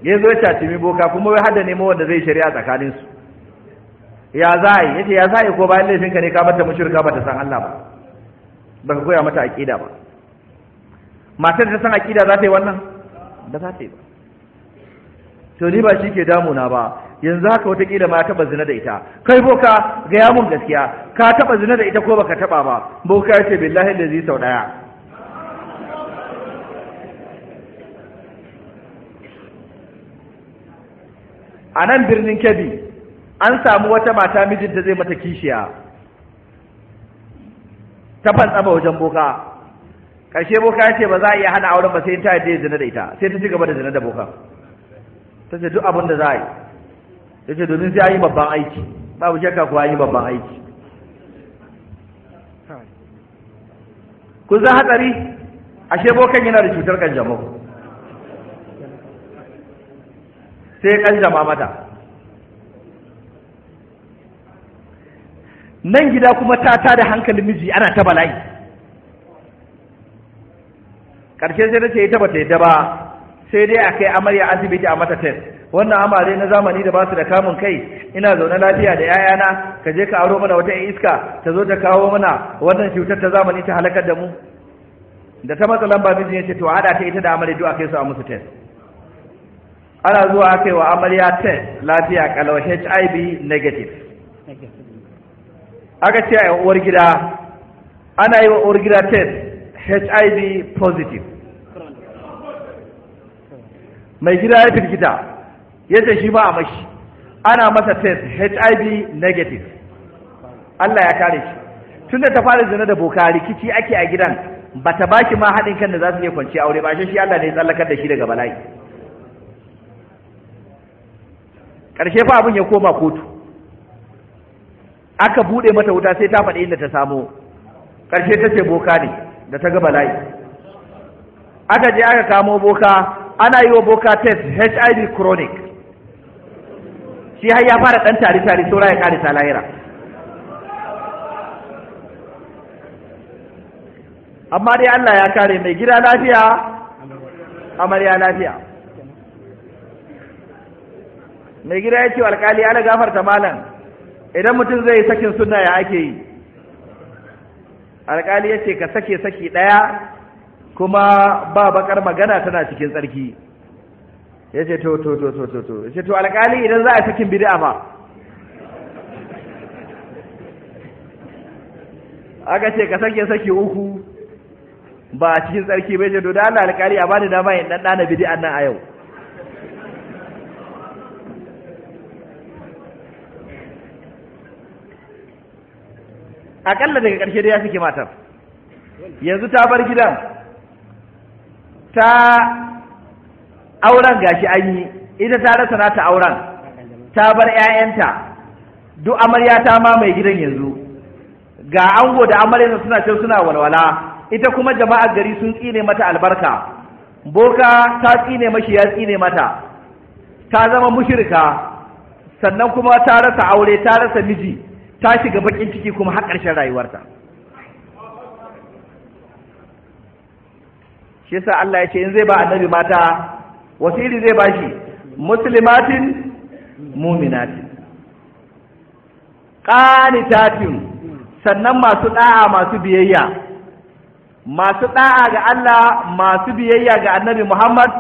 Speaker 3: ya zo ya cacimi boka kuma wai hada nemo wanda zai shari'a tsakaninsu ya za yi yace ya za yi ko bayan laifin ka ne ka bata ka bata san Allah ba Ba ka koya mata aqida ba matar ta san aqida za ta yi wannan ba za ta yi ba to ni ba shi ke damuna ba yanzu haka wata watakila ma ya taba zina da ita kai boka ga yamun gaskiya ka taba zina da ita ko baka taba ba boka ya ce billahi da zai sau ɗaya. a nan birnin kebbi an samu wata mata mijinta zai mata kishiya ta fantsama wajen boka karshe boka ya ce ba za a iya hana auren ba sai ta yadda ya zina da ita sai ta ci gaba da zina da boka ta ce duk abin da za a yi ta ce domin sai a yi babban aiki babu shakka kuwa a yi babban aiki kun san hatsari ashe bokan yana da cutar kanjamau sai kanjama mata nan gida kuma ta ta da hankalin miji ana ta bala'i karshe sai ta ce ita bata yadda ba sai dai a kai amarya asibiti a mata test wannan amare na zamani da ba su da kamun kai ina zaune lafiya da yayana ka je ka aro mana wata iska ta zo ta kawo mana wannan cutar ta zamani ta halakar da mu da ta matsa lamba miji ya ce to haɗa ta ita da amarya duk a kai su a musu test ana zuwa aka yi wa amarya test lafiya kalau hiv negative aka ce a uwar gida ana yi wa uwar gida test hiv positive mai gida ya firgita ya ce shi ba a mashi ana masa test hiv negative allah ya kare shi tun da ta fara zina da boka rikici ake a gidan ba ta baki ma haɗin kan da za su iya kwanci aure ba shi allah ne ya tsallakar da shi daga bala'i ƙarshe fa abin ya koma kotu aka bude mata wuta sai ta faɗi inda ta samo Karshe ta ce boka ne da ta ga bala'i aka je aka kamo boka ana yi wa boka test hiv chronic shi har ya fara ɗan tari-tari saura ya ta lahira amma dai Allah ya kare mai gida lafiya amarya lafiya mai gida ya ce alkali ana gafarta malam idan mutum zai sakin sunna ya ake yi alƙali ya ce ka sake saki ɗaya kuma ba bakar magana tana cikin tsarki ya ce to to to to to ya ce to alƙali idan za a sakin bid'a ba aka ce ka sake saki uku ba a cikin tsarki bai ce to da Allah alƙali a bani dama in dan dana bid'an nan a yau akalla daga ƙarshe da ya suke matar yanzu ta bar gidan ta auren gashi an yi ita ta rasa ta auren ta bar 'ya'yanta duk amarya ta mamaye gidan yanzu ga ango da amarya suna can suna walwala ita kuma jama'ar gari sun tsine mata albarka boka ta tsine mashi ya tsine mata ta zama mushirka sannan kuma ta rasa aure ta rasa miji ta shiga bakin ciki kuma har ƙarshen rayuwarta shi yasa Allah ya ce in zai ba annabi mata wasiri zai ba shi muslimatin muminatin qanitatin sannan masu da'a masu biyayya masu da'a ga Allah masu biyayya ga annabi Muhammad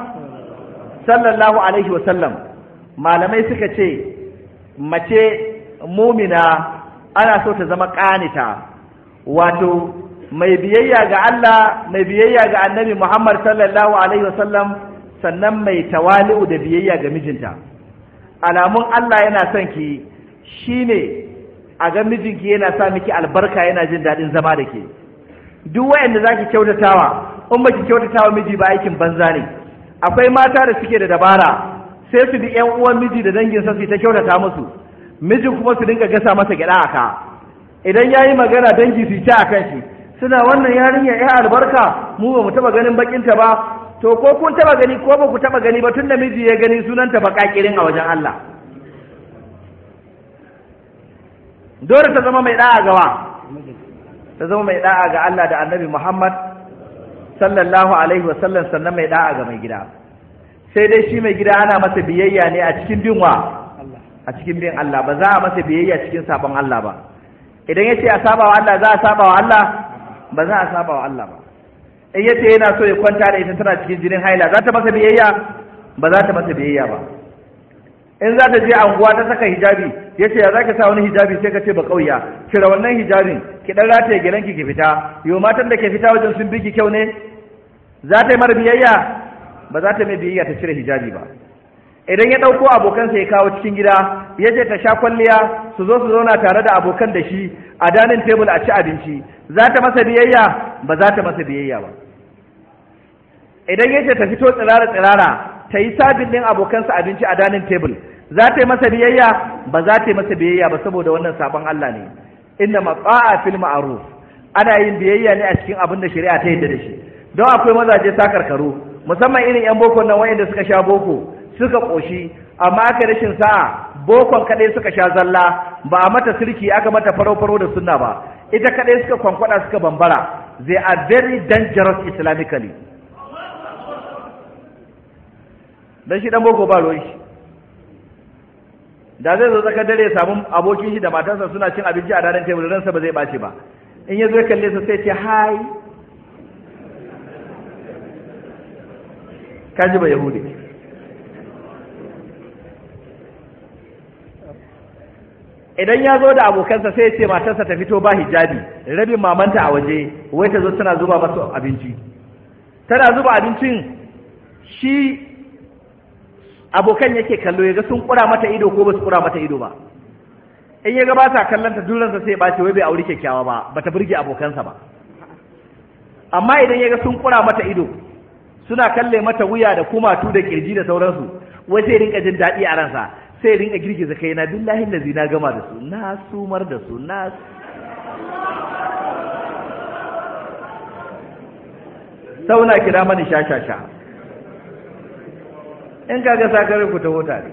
Speaker 3: sallallahu alaihi wasallam malamai suka ce mace mumina ana so ta zama ƙanita wato mai biyayya ga Allah mai biyayya ga annabi Muhammad sallallahu alaihi wasallam sannan mai tawali'u da biyayya ga mijinta alamun Allah yana son ki shine a ga mijinki yana sa miki albarka yana jin daɗin zama da ke duk wayanda zaki kyautatawa in baki kyautatawa miji ba aikin banza ne akwai mata da suke da dabara sai su bi ƴan uwan miji da danginsa su ta kyautata musu mijin kuma su dinga gasa masa gyaɗa a ka idan ya yi magana dangi su ci a kan shi suna wannan yarinya ya albarka mu ba mu taɓa ganin bakinta ba to ko kun taɓa gani ko ba ku taɓa gani ba tun da miji ya gani sunanta baka kirin a wajen Allah dole ta zama mai da'a gawa ta zama mai da'a ga Allah da Annabi Muhammad sallallahu alaihi wa sallam sannan mai da'a ga mai gida sai dai shi mai gida ana masa biyayya ne a cikin binwa a cikin bin Allah ba za a masa biyayya cikin sabon Allah ba idan ya ce a saba wa Allah za a saba wa Allah ba za a saba wa Allah ba in ya yana so ya kwanta da ita tana cikin jinin haila za ta masa biyayya ba za ta masa biyayya ba in za ta je anguwa ta saka hijabi ya ce ya za ka sa wani hijabi sai ka ce ba kauya cire wannan hijabin ki dan rataye gidanki ki fita yo matan da ke fita wajen sun bi ki kyau ne za ta yi mara biyayya ba za ta mai biyayya ta cire hijabi ba idan ya ɗauko abokansa ya kawo cikin gida ya je ta sha kwalliya su zo su zauna tare da abokan da shi a danin tebul a ci abinci za ta masa biyayya ba za ta masa biyayya ba idan ya ce ta fito tsirara tsirara ta yi sabin ɗin abokansa abinci a danin tebul za ta masa biyayya ba za ta yi masa biyayya ba saboda wannan sabon Allah ne inda matsa'a fil ma'ruf ana yin biyayya ne a cikin abin da shari'a ta yadda da shi don akwai mazaje sakarkaru musamman irin yan boko nan wayanda suka sha boko suka ƙoshi amma aka rashin sa'a bokon kaɗai suka sha zalla ba a mata sirki aka mata faro-faro da sunna ba ita kaɗai suka kwankwada suka bambara they are very dangerous islamically dan shi dan boko ba ruwan shi da zai zo tsakar dare ya samu abokin shi da matarsa suna cin abinci a daren tebur ransa ba zai ɓace ba in ya zo ya kalle su sai ce hi kaji ba yahudi idan ya zo da abokansa sai ya ce matarsa ta fito ba hijabi rabin mamanta a waje wai ta zo tana zuba masa abinci tana zuba abincin shi abokan yake kallo ya ga sun kura mata ido ko ba su kura mata ido ba in ya ga ta kallon ta duransa sai ba wai bai aure kyakkyawa ba ba ta burge abokansa ba amma idan ya ga sun kura mata ido suna kalle mata wuya da kumatu da kirji da sauransu wai sai rinka jin daɗi a ransa sai a girgiza kai na billahi lazi na gama da su na sumar da su na
Speaker 4: sauna kira mani sha-sha-sha
Speaker 3: in kaga sakare ku ta hota ne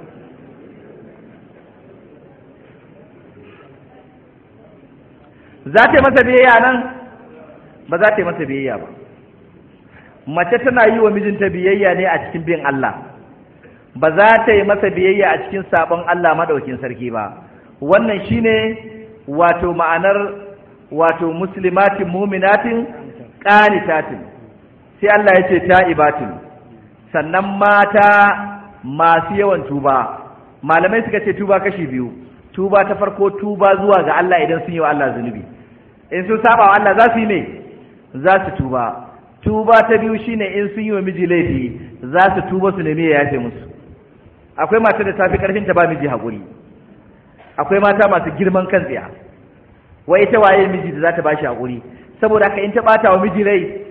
Speaker 3: za ta yi masa biyayya nan ba za ta yi masa biyayya ba mace tana yi wa mijinta biyayya ne a cikin bin Allah ba za ta yi masa biyayya a cikin sabon Allah madaukin sarki ba wannan shine wato ma'anar wato muslimatin mu'minatin qanitatin sai Allah ya ce ta'ibatin sannan mata masu yawan tuba malamai suka ce tuba kashi biyu tuba ta farko tuba zuwa ga Allah idan sun yi wa Allah zunubi in sun saba wa Allah za su yi ne za su tuba tuba ta biyu shine in sun yi wa miji laifi za su tuba su nemi ya yafe musu akwai mata da tafi karfin ta ba miji hakuri akwai mata masu girman kan tsiya wai ita waye miji da za ta bashi hakuri saboda haka in ta bata wa miji rai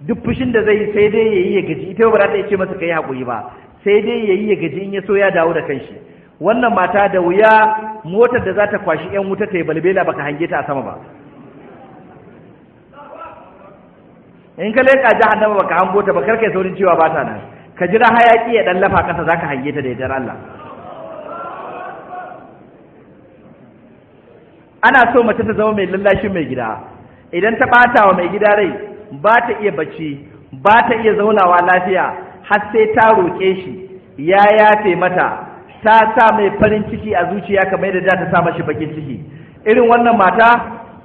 Speaker 3: duk fushin da zai sai dai yayi ya gaji ita ba za ta ce masa kai hakuri ba sai dai yayi ya gaji in ya so ya dawo da kanshi wannan mata da wuya motar da za ta kwashi yan wuta ta yi balbela baka hange ta a sama ba in ka leƙa jahannama baka hango ta ba karkai saurin cewa ba ta nan ka jira hayaki ya dan lafa kasa zaka hange ta da yardar Allah ana so mace ta zama mai lallashi mai gida idan ta bata wa mai gida rai ba ta iya bacci ba ta iya zaunawa lafiya har sai ta roƙe shi ya yafe mata ta sa mai farin ciki a zuciya kamar yadda ta sa mashi bakin ciki irin wannan mata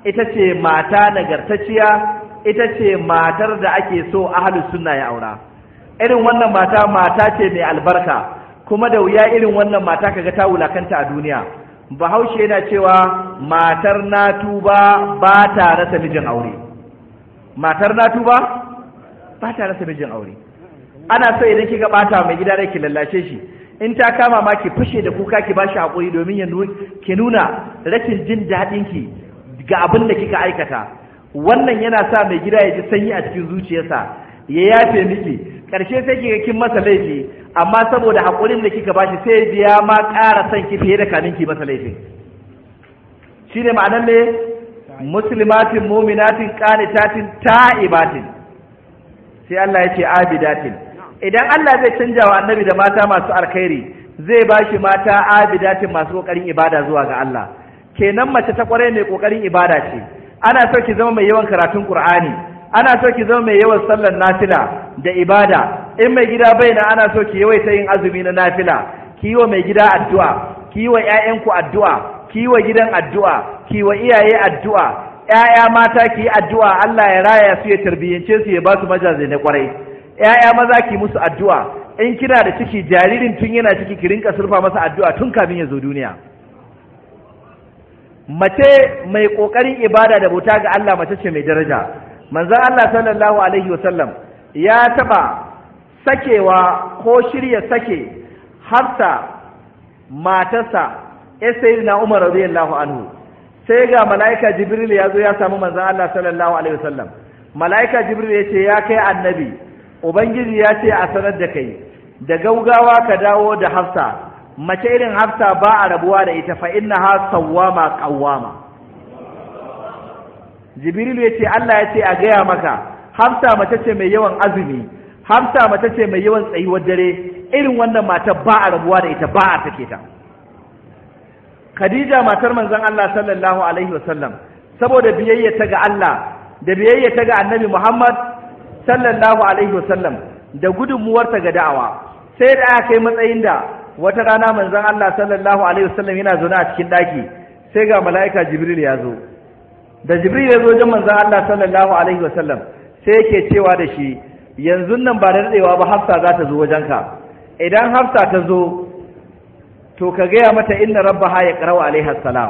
Speaker 3: ita ce mata nagartacciya ita ce matar da ake so ahlus sunna ya aura irin wannan mata mata ce mai albarka kuma da wuya irin wannan mata kaga ta wulakanta a duniya bahaushe yana cewa matar na tuba ba ta rasa mijin aure matar na tuba ba ta rasa mijin aure ana so idan kika bata mai gida da ki lallace shi in ta kama ma ki fashe da kuka ki bashi hakuri domin ya ki nuna rashin jin daɗin ki ga abin da kika aikata wannan yana sa mai gida ya ji sanyi a cikin zuciyarsa ya yafe miki karshe sai kika kin masa laifi amma saboda hakurin da kika bashi sai biya ma ƙara son ki fiye da kamin ki masa laifi Shi ne ma'anar ne muslimatin mu'minatin qanitatin ta'ibatin sai Allah ya ce abidatin idan Allah zai canja wa annabi da mata masu alkhairi zai bashi mata abidatin masu kokarin ibada zuwa ga Allah kenan mace ta kware mai kokarin ibada ce ana so ki zama mai yawan karatun Qur'ani ana so ki zama mai yawan sallar nafila da ibada in mai gida bai ana so ki yawaita yin azumi na nafila ki yi wa mai gida addu'a ki yi wa 'ya'yanku addu'a ki yi wa gidan addu'a ki wa iyaye addu'a ‘ya'ya mata ki yi addu'a Allah ya raya su ya tarbiyyance su ya ba su majazi na kwarai ‘ya'ya maza ki musu addu'a in kina da ciki jaririn tun yana ciki ki rinka surfa masa addu'a tun kafin ya zo duniya mace mai ƙoƙarin ibada da bauta ga Allah mace ce mai daraja manzo Allah sallallahu alaihi wasallam ya taba sakewa ko shirya sake hafsa matarsa eh, sai na Umar radiyallahu anhu sai ga mala'ika Jibril ya zo ya samu manzo Allah sallallahu alaihi wasallam mala'ika Jibril ya ce ya kai annabi ubangiji ya ce a sanar da kai da gaugawa ka dawo da hafsa mace irin hafsa ba a rabuwa da ita fa innaha sawwama qawwama jibrilu ya ce Allah ya ce a gaya maka hamsa mace ce mai yawan azumi hamsa mace ce mai yawan tsayuwar dare irin wannan matar ba a rabuwa da ita ba a take ta khadija matar manzon Allah sallallahu alaihi wasallam saboda biyayyata ga Allah da ta ga annabi Muhammad sallallahu alaihi wasallam da gudunmuwarta ga da'awa sai da aka kai matsayin da wata rana manzon Allah sallallahu alaihi wasallam yana zaune a cikin daki sai ga mala'ika Jibril ya zo da jibril ya zo wajen manzon Allah sallallahu alaihi wasallam sai yake cewa da shi yanzu nan ba da dadewa ba hafsa za ta zo wajenka idan hafsa ta zo to ka gaya mata inna rabbaha ya qara'u alaihi salam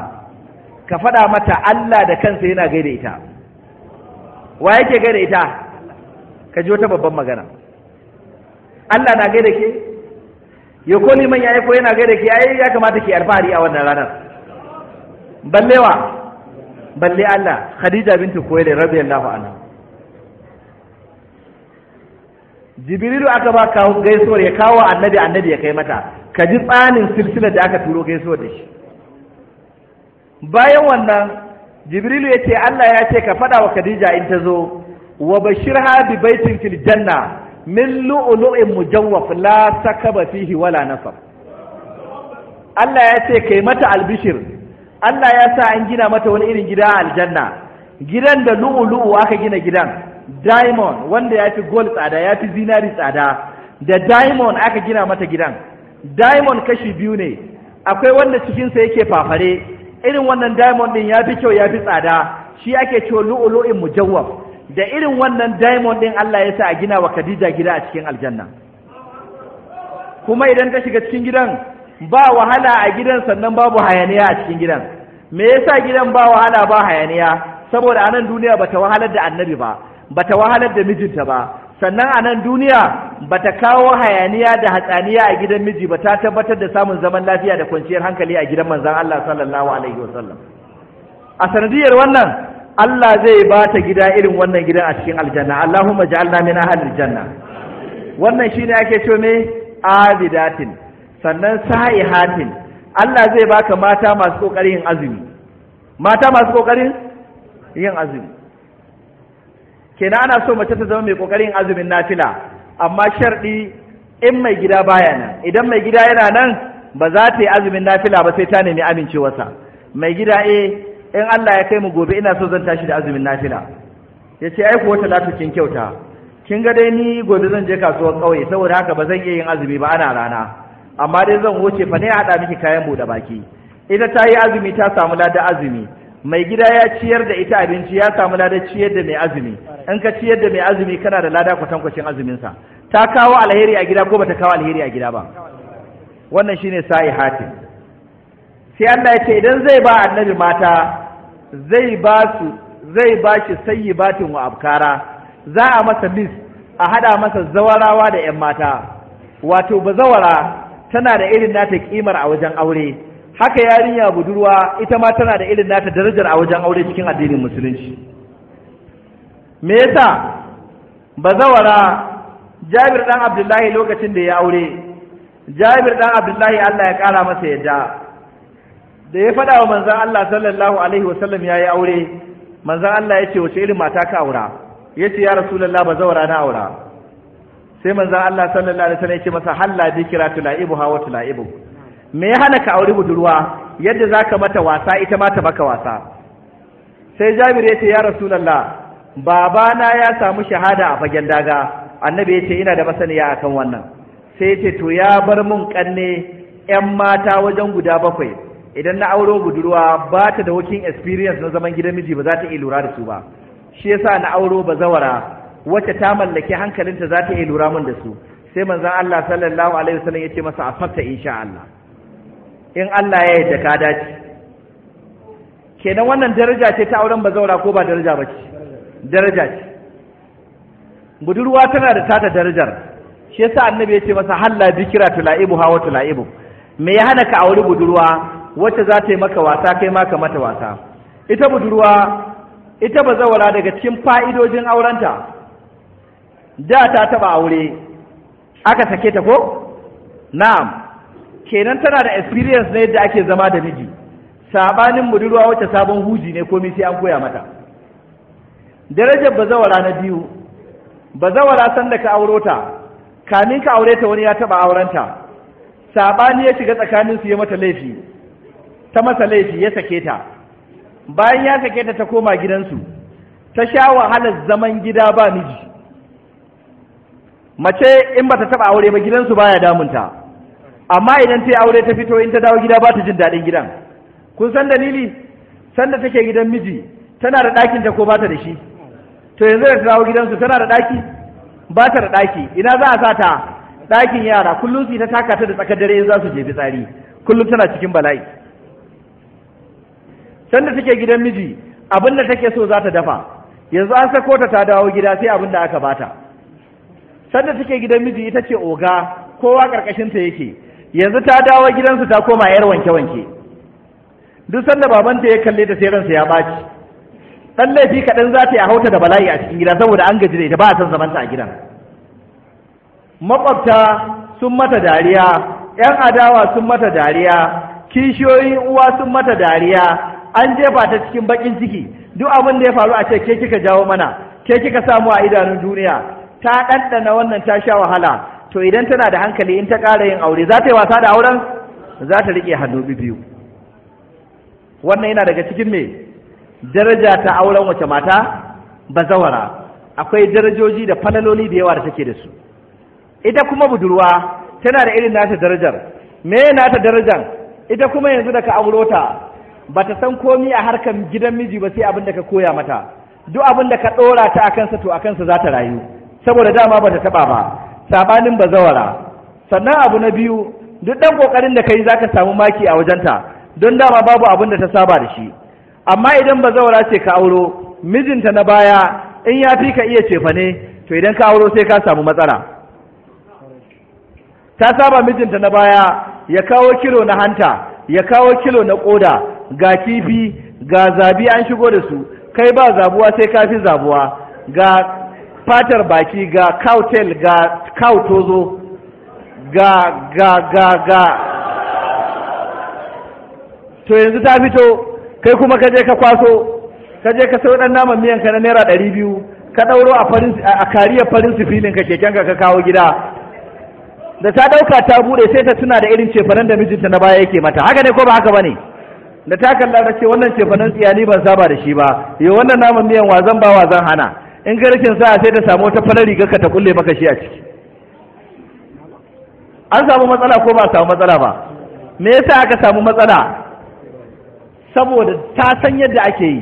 Speaker 3: ka faɗa mata Allah da kansa yana gaida ita wa yake gaida ita ka ji wata babban magana Allah na gaida ke ya ko liman ya ko yana gaida ke ai ya kamata ki alfahari a wannan ranar ballewa balle Allah Khadija bintu Khuwailid radiyallahu anha Jibrilu aka ba kawo gaisuwar ya kawo annabi annabi ya kai mata ka ji tsanin silsila da aka turo gaisuwar da shi bayan wannan Jibrilu ya ce Allah ya ce ka faɗa wa Khadija in ta zo wa bashirha bi baitin fil janna min lu'lu'in mujawwaf la sakaba fihi wala nasab Allah ya ce kai mata albishir Allah ya sa an gina mata wani irin gida a aljanna gidan da lu'ulu'u aka gina gidan diamond wanda ya fi gold tsada ya fi zinari tsada da diamond aka gina mata gidan diamond kashi biyu ne akwai wanda cikinsa yake fafare irin wannan diamond din ya fi kyau ya fi tsada shi ake cewa lu'ulu'in mujawwab da irin wannan diamond din Allah ya sa a gina wa Khadija gida a cikin aljanna kuma idan ka shiga cikin gidan ba wahala a gidan sannan babu hayaniya a cikin gidan me yasa gidan ba wahala ba hayaniya saboda anan duniya bata wahalar da annabi ba bata wahalar da mijinta ba sannan anan duniya bata kawo hayaniya da hatsaniya a gidan miji ba ta tabbatar da samun zaman lafiya da kwanciyar hankali a gidan manzon Allah sallallahu alaihi wasallam a sanadiyar wannan Allah zai ba ta gida irin wannan gidan a cikin aljanna Allahumma ja'alna min halin janna wannan shine ake cewa me abidatin sannan sa'i hatin Allah zai baka mata masu kokarin yin azumi mata masu kokarin yin azumi kenan ana so mace ta zama mai kokarin yin azumin nafila amma sharɗi in mai gida baya nan idan mai gida yana nan ba za ta yi azumin nafila ba sai ta nemi amincewarsa mai gida eh in Allah ya kai mu gobe ina so zan tashi da azumin nafila ya ce ai kuwa talatu kin kyauta kin ga dai ni gobe zan je kasuwar ƙauye saboda haka ba zan iya yin azumi ba ana rana amma dai zan wuce fa ne ya haɗa miki kayan buɗe baki ita ta yi azumi ta samu lada azumi mai gida ya ciyar da ita abinci ya samu lada ciyar da mai azumi in ka ciyar da mai azumi kana da lada kwatankwacin azuminsa ta kawo alheri a gida ko bata kawo alheri a gida ba wannan shine sa'i hatim sai Allah ya ce idan zai ba annabi mata zai ba su zai ba shi sayyibatin wa abkara za a masa bis a haɗa masa zawarawa da yan mata wato bazawara tana da irin nata kimar a wajen aure haka yarinya budurwa ita ma tana da irin nata darajar a wajen aure cikin addinin musulunci me yasa bazawara Jabir dan Abdullahi lokacin da ya aure Jabir dan Abdullahi Allah ya kara masa yadda da ya faɗa wa manzan Allah sallallahu alaihi wasallam ya yi aure manzon Allah ya ce wace irin mata ka aura yace ya rasulallah ba na aura sai manzo Allah sallallahu alaihi wasallam ya ce masa halla dikira tulaibu hawa tulaibu me ya hana ka aure budurwa yadda zaka mata wasa ita ma ta baka wasa sai Jabir ya ce ya Rasulullah babana ya samu shahada a fagen daga annabi ya ce ina da masaniya akan wannan sai ya to ya bar mun kanne yan mata wajen guda bakwai idan na auro budurwa ba ta da working experience na zaman gidan miji ba za ta iya lura da su ba shi yasa na auro bazawara wacce ta mallake hankalinta za ta iya lura min da su sai manzon Allah sallallahu alaihi wasallam yace masa fata insha Allah in Allah ya yarda ka dace kenan wannan daraja ce ta auren bazaura ko ba daraja ba ce daraja ce budurwa tana da tata darajar shi yasa annabi ce masa halla bikira tulaibu hawa tulaibu me ya hana ka auri budurwa wacce za ta yi maka wasa kai ma ka mata wasa ita budurwa ita bazawara daga cikin fa'idojin aurenta da ta taba aure aka sake ta ko na'am kenan tana da experience na yadda ake zama da miji sabanin budurwa wacce sabon huji ne komai sai an koya mata darajar bazawara na biyu bazawara san da ka auro ta kamin ka aure ta wani ya taba aurenta sabani ya shiga tsakanin su ya mata laifi ta masa laifi ya sake ta bayan ya sake ta ta koma gidansu ta sha wahalar zaman gida ba miji mace in bata taba aure ba gidansu baya damunta amma idan ta yi aure ta fito in ta dawo gida ba ta jin daɗin gidan kun san dalili sanda take gidan miji tana da ɗakin ta ko ba ta da shi to yanzu da ta dawo gidansu tana da ɗaki ba ta da ɗaki ina za a sa ta ɗakin yara kullum su ta taka ta da tsakar dare in za su je fitsari kullum tana cikin bala'i sanda take gidan miji abin da take so za ta dafa yanzu an sako ta ta dawo gida sai abin da aka bata sanda take gidan miji ita ce oga kowa karkashin ta yake yanzu ta dawo gidansu ta koma yar wanke wanke duk sanda babanta ya kalle ta sai ransa ya baci dan laifi kaɗan za ta yi hauta da bala'i a cikin gida saboda an gaji da ita ba a san zamanta a gidan makwabta sun mata dariya yan adawa sun mata dariya kishiyoyi uwa sun mata dariya an jefa ta cikin bakin ciki duk abin da ya faru a ce ke kika jawo mana ke kika samu a idanun duniya ta ɗanɗana wannan ta sha wahala to idan tana da hankali in ta ƙara yin aure za ta yi wasa da auren za ta riƙe hannu biyu wannan yana daga cikin me daraja ta auren wace mata bazawara akwai darajoji da falaloli da yawa da take da su ita kuma budurwa tana da irin nata darajar me nata darajar ita kuma yanzu da ka auro ta bata san komi a harkar gidan miji ba sai abin da ka koya mata duk abin da ka ɗora ta a kansa to a kansa za ta rayu saboda dama ba ta taɓa ba sabanin bazawara sannan abu na biyu duk ɗan ƙoƙarin da kai za ka samu maki a wajenta don dama babu abin da ta saba da shi amma idan bazawara ce ka auro mijinta na baya in ya fi ka iya cefa ne to idan ka auro sai ka samu matsala ta saba mijinta na baya ya kawo kilo na hanta ya kawo kilo na ƙoda ga kifi ga zabi an shigo da su kai ba zabuwa sai ka fi zabuwa ga fatar baki ga cowtail ga cow tozo ga ga ga ga to yanzu ta fito kai kuma ka je ka kwaso ka je ka sayo dan naman miyan ka na naira ɗari biyu ka ɗauro a farin a kariyar farin sifilin ka keken ka ka kawo gida da ta ɗauka ta bude sai ta tuna da irin cefanen da mijinta na baya yake mata haka ne ko ba haka bane da ta kalla ta ce wannan cefanen tsiyani ban saba da shi ba yo wannan naman miyan wazan ba wazan hana in ga rashin sa'a sai ta samu wata farar riga ka ta kulle maka shi a ciki an samu matsala ko ba samu matsala ba me yasa aka samu matsala saboda ta san yadda ake yi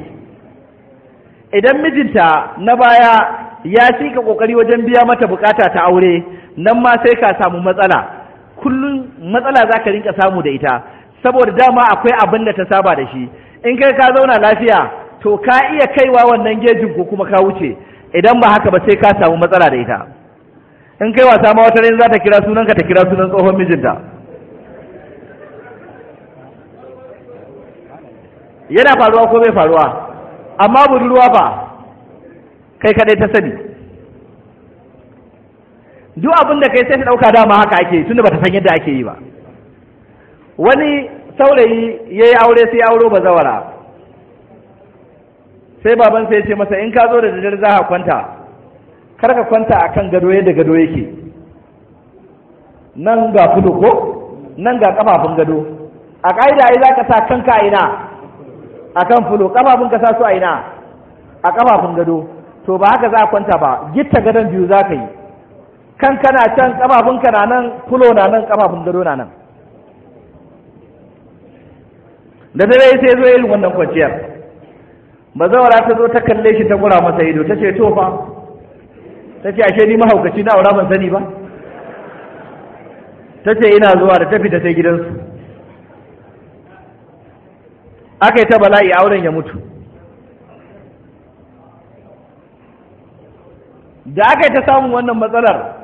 Speaker 3: idan mijinta na baya ya ka kokari wajen biya mata bukata ta aure nan ma sai ka samu matsala kullum matsala za ka rinka samu da ita saboda dama akwai abin da ta saba da shi in kai ka zauna lafiya to ka iya kaiwa wannan gejin ko kuma ka wuce idan ba haka ba sai ka samu matsala da ita in kai wasa ma wata za ta kira sunanka ta kira sunan tsohon mijinta yana faruwa ko bai faruwa amma budurwa ba kai kadai ta sani duk abin da kai sai ta ɗauka dama haka ake yi, tunda ba ta san yadda ake yi ba wani saurayi ya yi aure sai ya auro bazawara sai baban sai ya ce masa in ka zo da daddare za ka kwanta kar ka kwanta akan gado yadda gado yake nan ga fudu ko nan ga kafafun gado a ka'ida ai za ka sa kanka a ina akan fudu kafafun ka sa su a ina a kafafun gado to ba haka za a kwanta ba gitta gadon biyu za ka yi kan kana can kafafun ka na nan fulo na nan kafafun gado na nan da dare sai zo yin wannan kwanciyar mazawara ta zo ta kalle shi ta gura masa ido ta ce to fa ta ce ashe ni mahaukaci na aura ban sani ba ta ce ina zuwa da ta fita sai gidansu aka yi ta bala'i auren ya mutu da aka yi ta samun wannan matsalar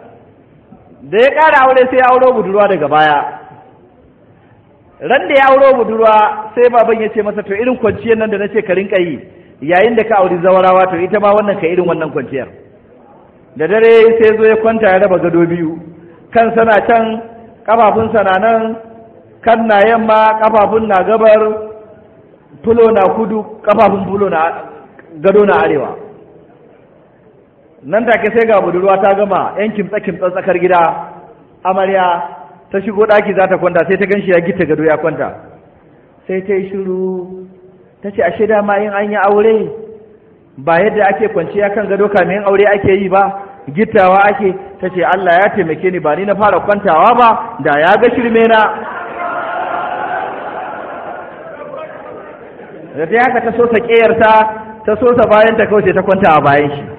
Speaker 3: da ya ƙara aure sai ya auro budurwa daga baya ran da ya auro budurwa sai baban ya ce masa to irin kwanciyar nan da nace ka rinka yi yayin da ka auri zawarawa to ita ma wannan ka irin wannan kwanciyar da dare sai zo ya kwanta ya raba gado biyu kan sana can kafafun sana nan kan na yamma kafafun na gabar fulo na kudu kafafun fulo na gado na arewa nan take sai ga budurwa ta gama yankin tsakin kimtsa tsakar gida amarya ta shigo ɗaki za ta kwanta sai ta gan shi ya gita gado ya kwanta sai ta yi shiru ta ce ashe dama in an yi aure ba yadda ake kwanciya kan gado kamin aure ake yi ba gittawa ake ta ce Allah ya taimake ni ba ni na fara kwantawa ba da ya ga shirme na da ta haka ta so ta ƙeyarta ta so ta bayan ta kawai ta kwanta a bayan shi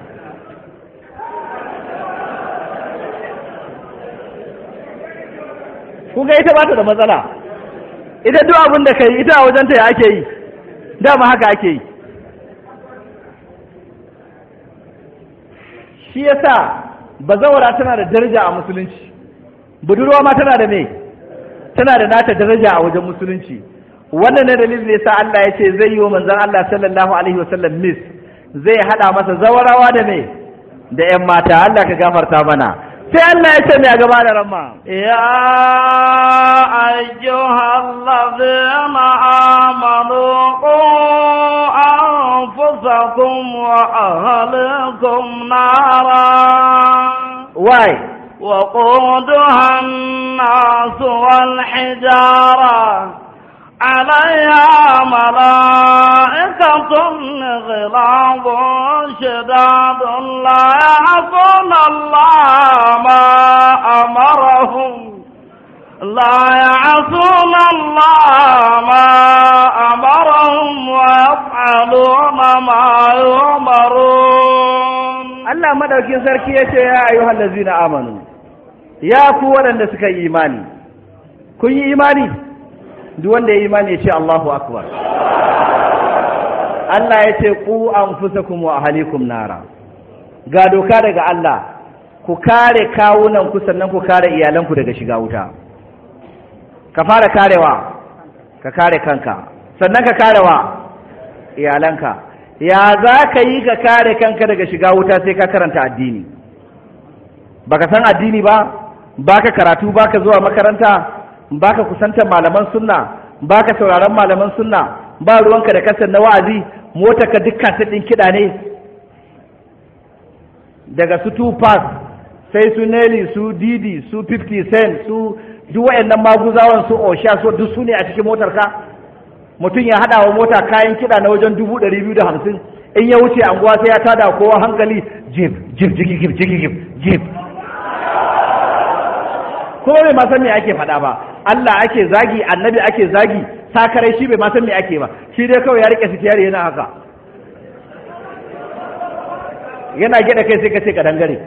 Speaker 3: Ku ga ita ba ta da matsala Idan duk abin da yi, ita a wajen ta ya ake yi dama haka ake yi shi yasa bazawara tana da daraja a musulunci budurwa ma tana da me tana da nata daraja a wajen musulunci wannan ne dalilin yasa Allah ya ce zai yi wa manzan Allah sallallahu alaihi wasallam mis zai hada masa zawarawa da me da yan mata Allah ka gafarta mana sai Allah ya ce mai gaba da
Speaker 2: ramma ya ayyuhal ladzina amanu qu anfusakum wa ahlikum nara
Speaker 3: why
Speaker 2: وقودها الناس والحجاره عليها ملائكة غلاظ شداد لا يعصون الله ما أمرهم لا يعصون الله ما أمرهم ويفعلون ما يؤمرون الله مدوكين سركية يا أيها الذين آمنوا يا
Speaker 3: قوة لنسك إيماني كن إيماني duk wanda ya imani ya ce Allahu akbar Allah ya ce ku anfusakum wa ahlikum nara ga doka daga Allah ku kare kawunan ku sannan ku kare iyalanku daga shiga wuta ka fara karewa ka kare kanka sannan ka karewa iyalanka ya za ka yi ka kare kanka daga shiga wuta sai ka karanta addini baka san addini ba baka karatu baka zuwa makaranta Ba ka kusantar malaman sunna ka sauraron malaman sunna ba ruwanka da kasar na wa'azi motarka dukkan ta ɗin kiɗa ne daga su two pass
Speaker 1: sai su neli su didi su
Speaker 3: 50 cent su duk waɗannan maguzawan su osha su duk su ne a cikin motarka mutum ya haɗa wa mota kayan kiɗa na wajen dubu ɗari biyu da hamsin in ya wuce anguwa sai ya tada kowa hankali
Speaker 1: jib jib jib jib jib jib
Speaker 3: kuma bai ma san me ake faɗa ba Allah ake zagi annabi ake zagi sakarai shi bai ma san me ake ba shi dai kawai ya rike sitiyar yana haka yana gida kai sai ka ce ka dangare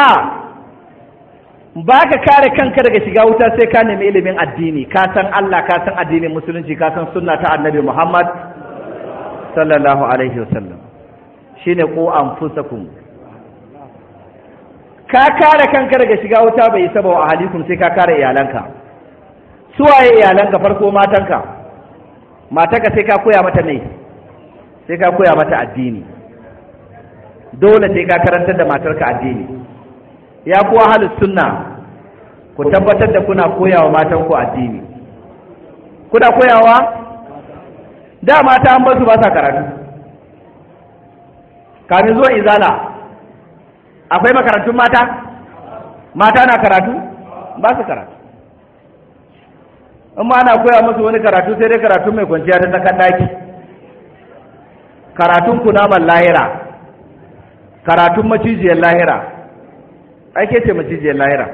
Speaker 3: a ba ka kare kanka daga shiga wuta sai ka nemi ilimin addini ka san Allah ka san addinin musulunci ka san sunna ta annabi Muhammad sallallahu alaihi wasallam shine ko anfusakum ka kare kanka daga shiga wuta bai yi ba wa ahalikum sai ka kare iyalanka suwaye iyalanka farko matanka matanka sai ka koya mata ne sai ka koya mata addini dole sai ka karantar da matarka addini ya kuwa halin sunna ku tabbatar da kuna koyawa matanku addini kuna koyawa da mata an basu ba sa karatu kamin zuwa izala akwai makarantun mata mata na karatu ba su karatu in ma ana koya musu wani karatu sai dai karatu mai kwanciya ta tsakan daki karatun kunaman lahira karatun macijiyar lahira ake ce macijiyar lahira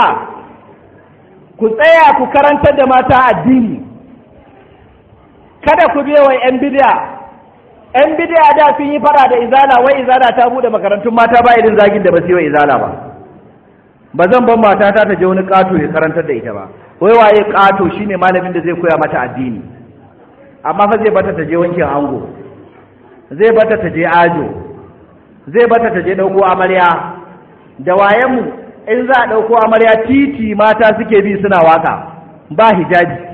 Speaker 3: a ku tsaya ku karanta da mata addini kada ku biya wa 'yan bidiya 'yan bidiya da sun yi fara da izala wai izala ta bude makarantun mata ba irin zagin da ba su yi wa izala ba ba zan ban matata ta je wani ƙato ya karantar da ita ba wai waye ƙato shine malamin da zai koya mata addini amma fa zai bata ta je wankin ango zai bata ta je ajo zai bata ta je ɗauko amarya da wayenmu in za a ɗauko amarya titi mata suke bi suna waka ba hijabi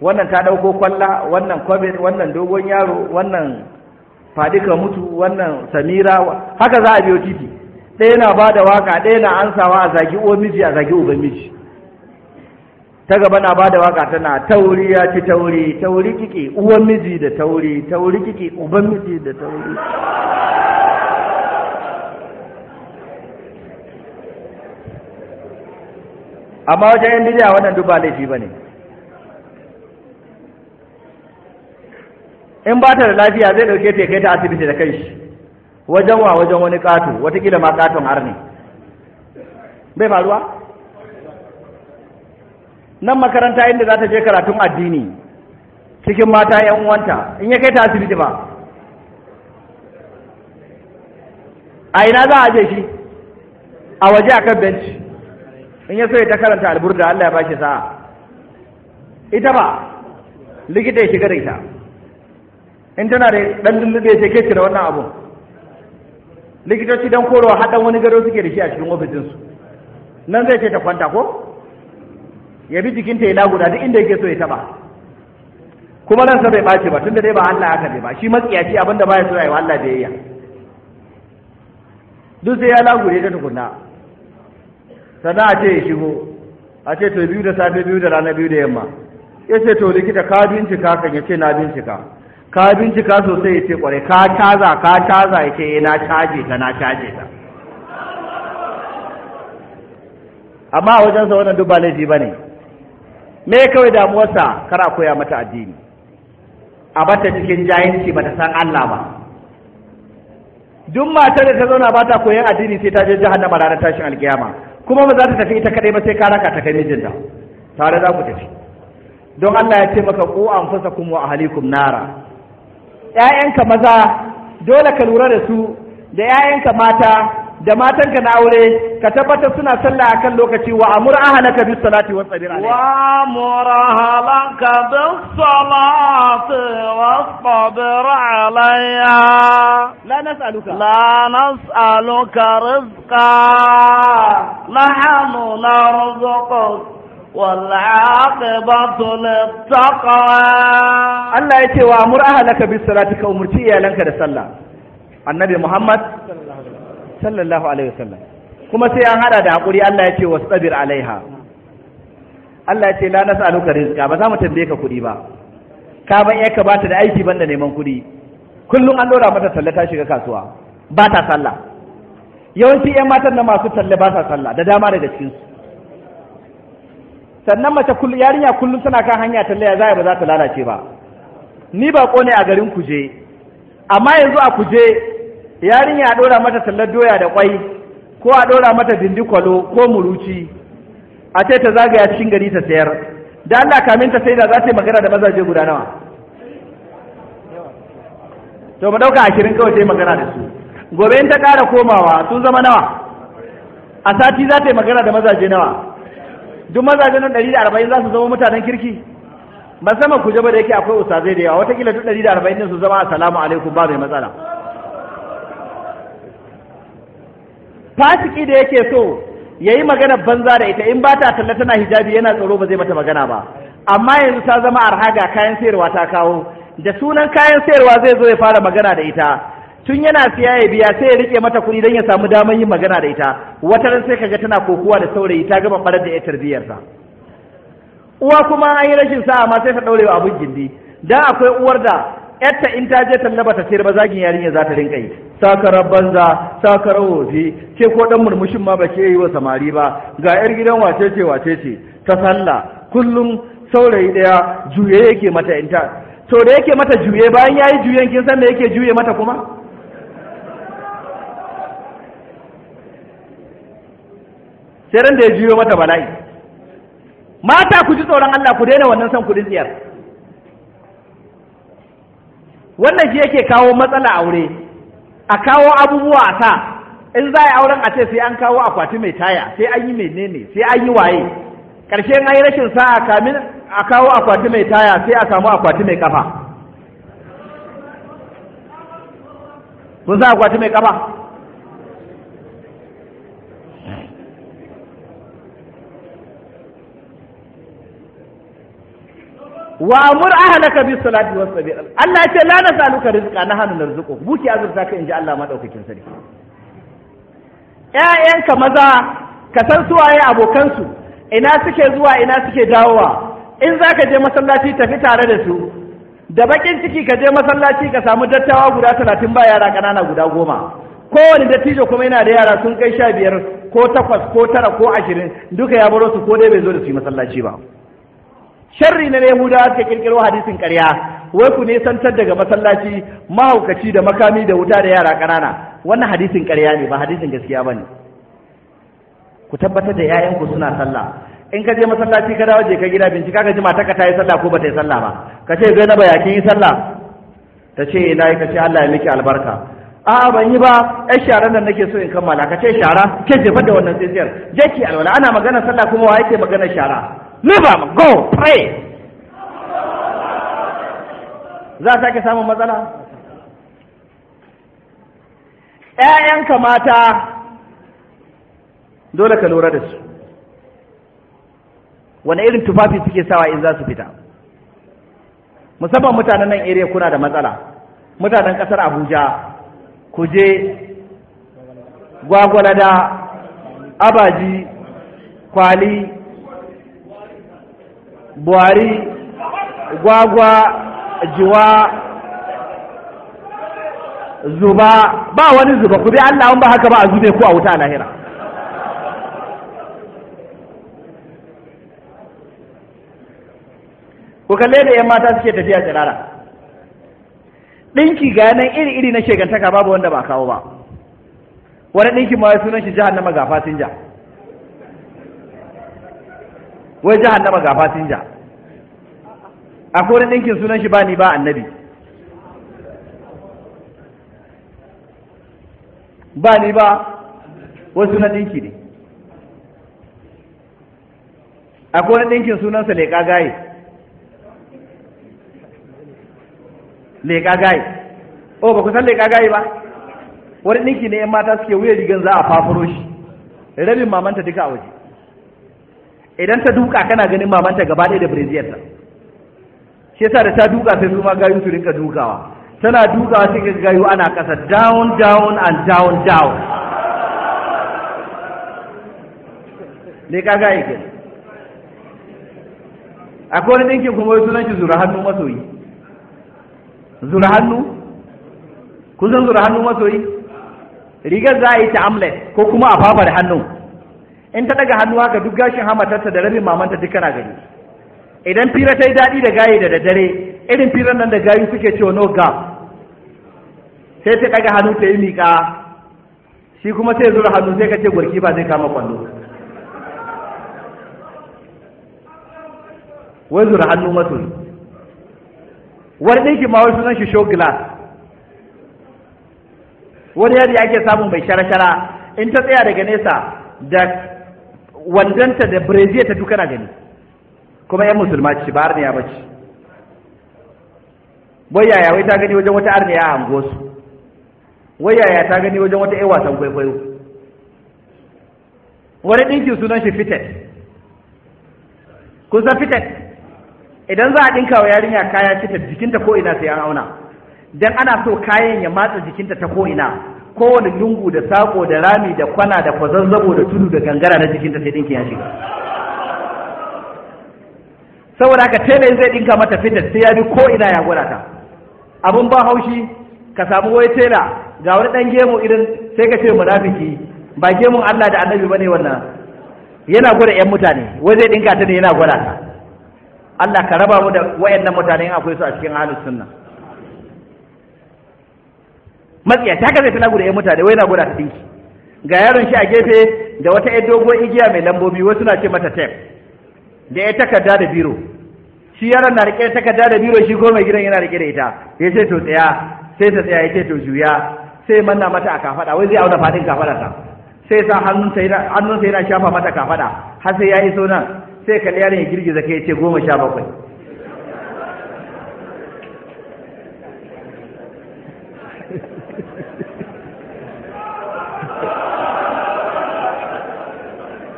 Speaker 3: wannan ta dauko kwalla wannan covid wannan dogon yaro wannan fadika mutu wannan samira haka za a biyo titi ɗaya na ba da waka ɗaya na ansawa a zagi uwar miji a zagi uban miji ta gaba na ba da waka tana tauri ya ci tauri tauri kike uwar miji da tauri tauri kike uban miji da tauri amma wajen yan bidiya wannan duk ba laifi ba ne in ba ta da lafiya zai ɗauke ta kai ta asibiti da kai shi wajen wa wajen wani ƙato watakila ma ƙaton har ne bai faruwa nan makaranta inda za ta je karatun addini cikin mata yan uwanta in ya kai ta asibiti ba a ina za a je shi a waje a kan benci in ya so ya ta karanta alburda Allah ya ba shi sa'a ita ba likita ya shiga da ita in tana da dan lullube sai ke cire wannan abun likitoci don korowa haɗan wani gado suke da shi a cikin ofisinsu nan zai ce ta kwanta ko ya bi jikinta ya laguda duk inda yake so ya taba kuma nan ransa bai bace ba tunda dai ba Allah haka ne ba shi matsiyaci abinda baya so yayi Allah da yayya duk sai ya lagude ta tukunna sana a ce ya shigo a ce to biyu da safe biyu da rana biyu da yamma ya ce to likita ka bincika kan ya ce na bincika ka bincika sosai ya ce kwarai ka caza ka caza ya ce eh, na caje ta na caje ta amma a wajensa wannan duk ba laifi ba ne me kawai damuwarsa kar a koya mata addini a bata cikin jahilci bata san Allah ba duk matar da ta zauna ba ta koyan addini sai ta je jahannama ranar tashin alkiyama kuma ba za ta tafi ita kadai ba sai ka raka ta kai mijinta tare za ku tafi don Allah ya ce maka ku anfusakum wa ahlikum nara ‘ya'yanka maza dole ka lura da su da ‘ya'yanka mata da matanka na aure ka tabbatar suna sallah kan lokaci wa amur ahalaka bis salati wa sabir alaiha
Speaker 2: wa amur ahalaka bis salati wa sabir alaiha la nas'aluka la nas'aluka rizqa nahnu Allah ya ce wa mur
Speaker 3: ahalaka bi salati ka umurci iyalanka da sallah annabi muhammad sallallahu alaihi wasallam kuma sai an hada da hakuri Allah ya ce wa sabir alaiha Allah ya ce la nas'aluka rizqa ba za mu tambaye ka kudi ba ka ban iya ka bata da aiki banda neman kudi kullum an dora mata talla ta shiga kasuwa ba ta sallah yawanci yan matan na masu Talle ba ta sallah da dama daga cikinsu sannan mace yarinya kullum tana kan hanya tallaya za ba za ta lalace ba ni ba ne a garin kuje amma yanzu a kuje yarinya a ɗora mata tallar doya da kwai ko a ɗora mata dindikwalo ko muruci a ce ta zagaya cikin gari ta sayar da Allah kamin ta sai da za ta yi magana da mazaje guda nawa to mu ɗauka ashirin kawai ta yi magana da su gobe in ta ƙara komawa sun zama nawa a sati za ta yi magana da mazaje nawa duk mazajen nan ɗari da arba'in za su zama mutanen kirki ba sama ku ba da yake akwai ustazai da yawa watakila duk ɗari da arba'in din su zama assalamu alaikum ba mai matsala fasiki da yake so ya yi magana banza da ita in ba ta talla tana hijabi yana tsoro ba zai mata magana ba amma yanzu ta zama arha ga kayan sayarwa ta kawo da sunan kayan sayarwa zai zo ya fara magana da ita tun yana siya ya biya sai ya rike mata kuɗi don ya samu damar yin magana da ita wata ran sai kaga tana kokuwa da saurayi ta gama barar da ya sa uwa kuma an yi rashin sa'a ma sai ta ɗaure wa abin gindi dan akwai uwar da yarta in ta je tallaba ta sayar bazagin yarinya za ta rinka yi sakarar banza sakarar wofi ke ko dan murmushin ma ba ke yi wa samari ba ga yar gidan wace ce wace ce ta sallah kullum saurayi ɗaya juye yake mata in to da yake mata juye bayan yayi juyen kin san da yake juye mata kuma sai ran da ya jiyo mata bala'i mata ku ji tsoron Allah ku daina wannan son kudin tsiyar wannan shi yake kawo matsala aure a kawo abubuwa a sa in za a yi auren a ce sai an kawo akwati mai taya sai an yi menene sai an yi waye ƙarshen an yi rashin sa'a kamin a kawo akwati mai taya sai a samu akwati mai kafa kun sa akwati mai kafa wa amur ahlaka bis salati was sabir Allah ya ce la nasaluka rizqa nahnu narzuqu buki azurta ka inji Allah madaukakin sarki ƴaƴanka maza ka san su waye abokan su ina suke zuwa ina suke dawowa in zaka je masallaci tafi tare da su da bakin ciki ka je masallaci ka samu dattawa guda talatin ba yara kanana guda goma kowane dattijo kuma yana da yara sun kai sha biyar ko takwas ko tara ko ashirin duka ya baro su ko dai bai zo da su yi masallaci ba sharri na yahudawa suka kirkiro hadisin ƙarya wai ku nisantar daga masallaci mahaukaci da makami da wuta da yara ƙanana wannan hadisin ƙarya ne ba hadisin gaskiya bane ku tabbatar da 'ya'yanku suna sallah in ka je masallaci ka dawo je ka gida bincika ka ji matarka ta yi sallah ko ba ta yi sallah ba ka ce zai na ya kin yi sallah ta ce ina eh, ka ce Allah ya miki albarka a ban yi ba ai sharan nan nake so in kammala ka ce shara ke jefa da wannan tsitsiyar je ki alwala ana magana sallah kuma wa yake magana shara live up go pray za a sake samun matsala ‘ya'yanka mata dole ka lura da su wani irin tufafi suke sawa in za su fita musamman mutanen nan iri kuna da matsala mutanen ƙasar abuja Kuje, je gwagwalada abaji kwali buhari gwagwa jiwa zuba ba wani zuba ku Allah an ba haka ba a zube ko a wuta a lahira ku kalle da yan mata suke tafiya tsirara ɗinki ga nan iri-iri na shegantaka babu wanda ba kawo ba wani ɗinkin ma sunan shi jihar na magafa sun wai jahannama ga fasinja a kodin ɗinkin sunan shi ba ni ba annabi ba ni ba wai sunan ɗinki ne a kodin ɗinkin sunansa leƙa gaye leƙa gaye o oh, ba kusan leƙa gaye ba wani ɗinki ne 'yan mata suke wuya rigan za a fafuro shi rabin mamanta duka a waje idan ta duka kana ganin mamanta gaba ɗaya da breziyarta shi yasa da ta duka sai su ma gayu su rinka dukawa tana dukawa sai ga gayu ana ƙasa down down and down down ne ka ga yake akwai wani ɗinkin kuma wai sunan shi zura hannu masoyi zura hannu kun san zura hannu masoyi rigar za a yi ta amlet ko kuma a fafar hannun in ta daga hannu haka duk gashin hamatarta da rabin mamanta duk kana gani idan fira ta yi daɗi da gayi da daddare irin firan nan da gayi suke cewa no gap sai ta daga hannu ta yi miƙa shi kuma sai zura hannu sai ka ce gwarki ba zai kama kwallo wai zura hannu masoyi wani ɗinki ma wasu nan shi show glass wani yadda ake samu mai shara-shara in ta tsaya daga nesa da wandanta da brazil ta duka na gani kuma yan musulma ce ba arniya ba ce wai ya wai ta gani wajen wata arniya a anguwarsu wai ya ta gani wajen wata yan wasan kwaikwayo wani ɗinkin sunan shi fitet kun san fitet idan za a ɗinka wa yarinya kaya fitet jikinta ko ina sai an auna dan ana so kayan ya matsa jikinta ta ko ina kowane yungu, da sako da rami da kwana da kwazazzabo da tudu da gangara na jikinta sai dinkin ya shiga saboda haka tele zai dinka mata fitar sai ya bi ko ina ya gwada ta abun ba haushi ka samu wai tela ga wani dan gemu irin sai ka ce munafiki ba gemun Allah da Annabi bane wannan yana gwada 'yan mutane wai zai dinka ta ne yana gwada ta Allah ka raba mu da wayannan mutane akwai su a cikin ahlus sunna matsiya ta haka zai tana guda yan mutane wai na guda ta dinki ga yaron shi a gefe da wata yan dogo igiya mai lambobi wasu na ce mata tef da ya takarda da biro shi yaron na rike takarda da biro shi ko gidan yana rike da ita ya ce to tsaya sai ta tsaya ya ce to juya sai manna mata a kafada wai zai auna fadin kafadarsa sai sa hannun yana hannunsa yana shafa mata kafada har sai ya iso nan sai kalli yaron ya girgiza kai ya ce goma sha bakwai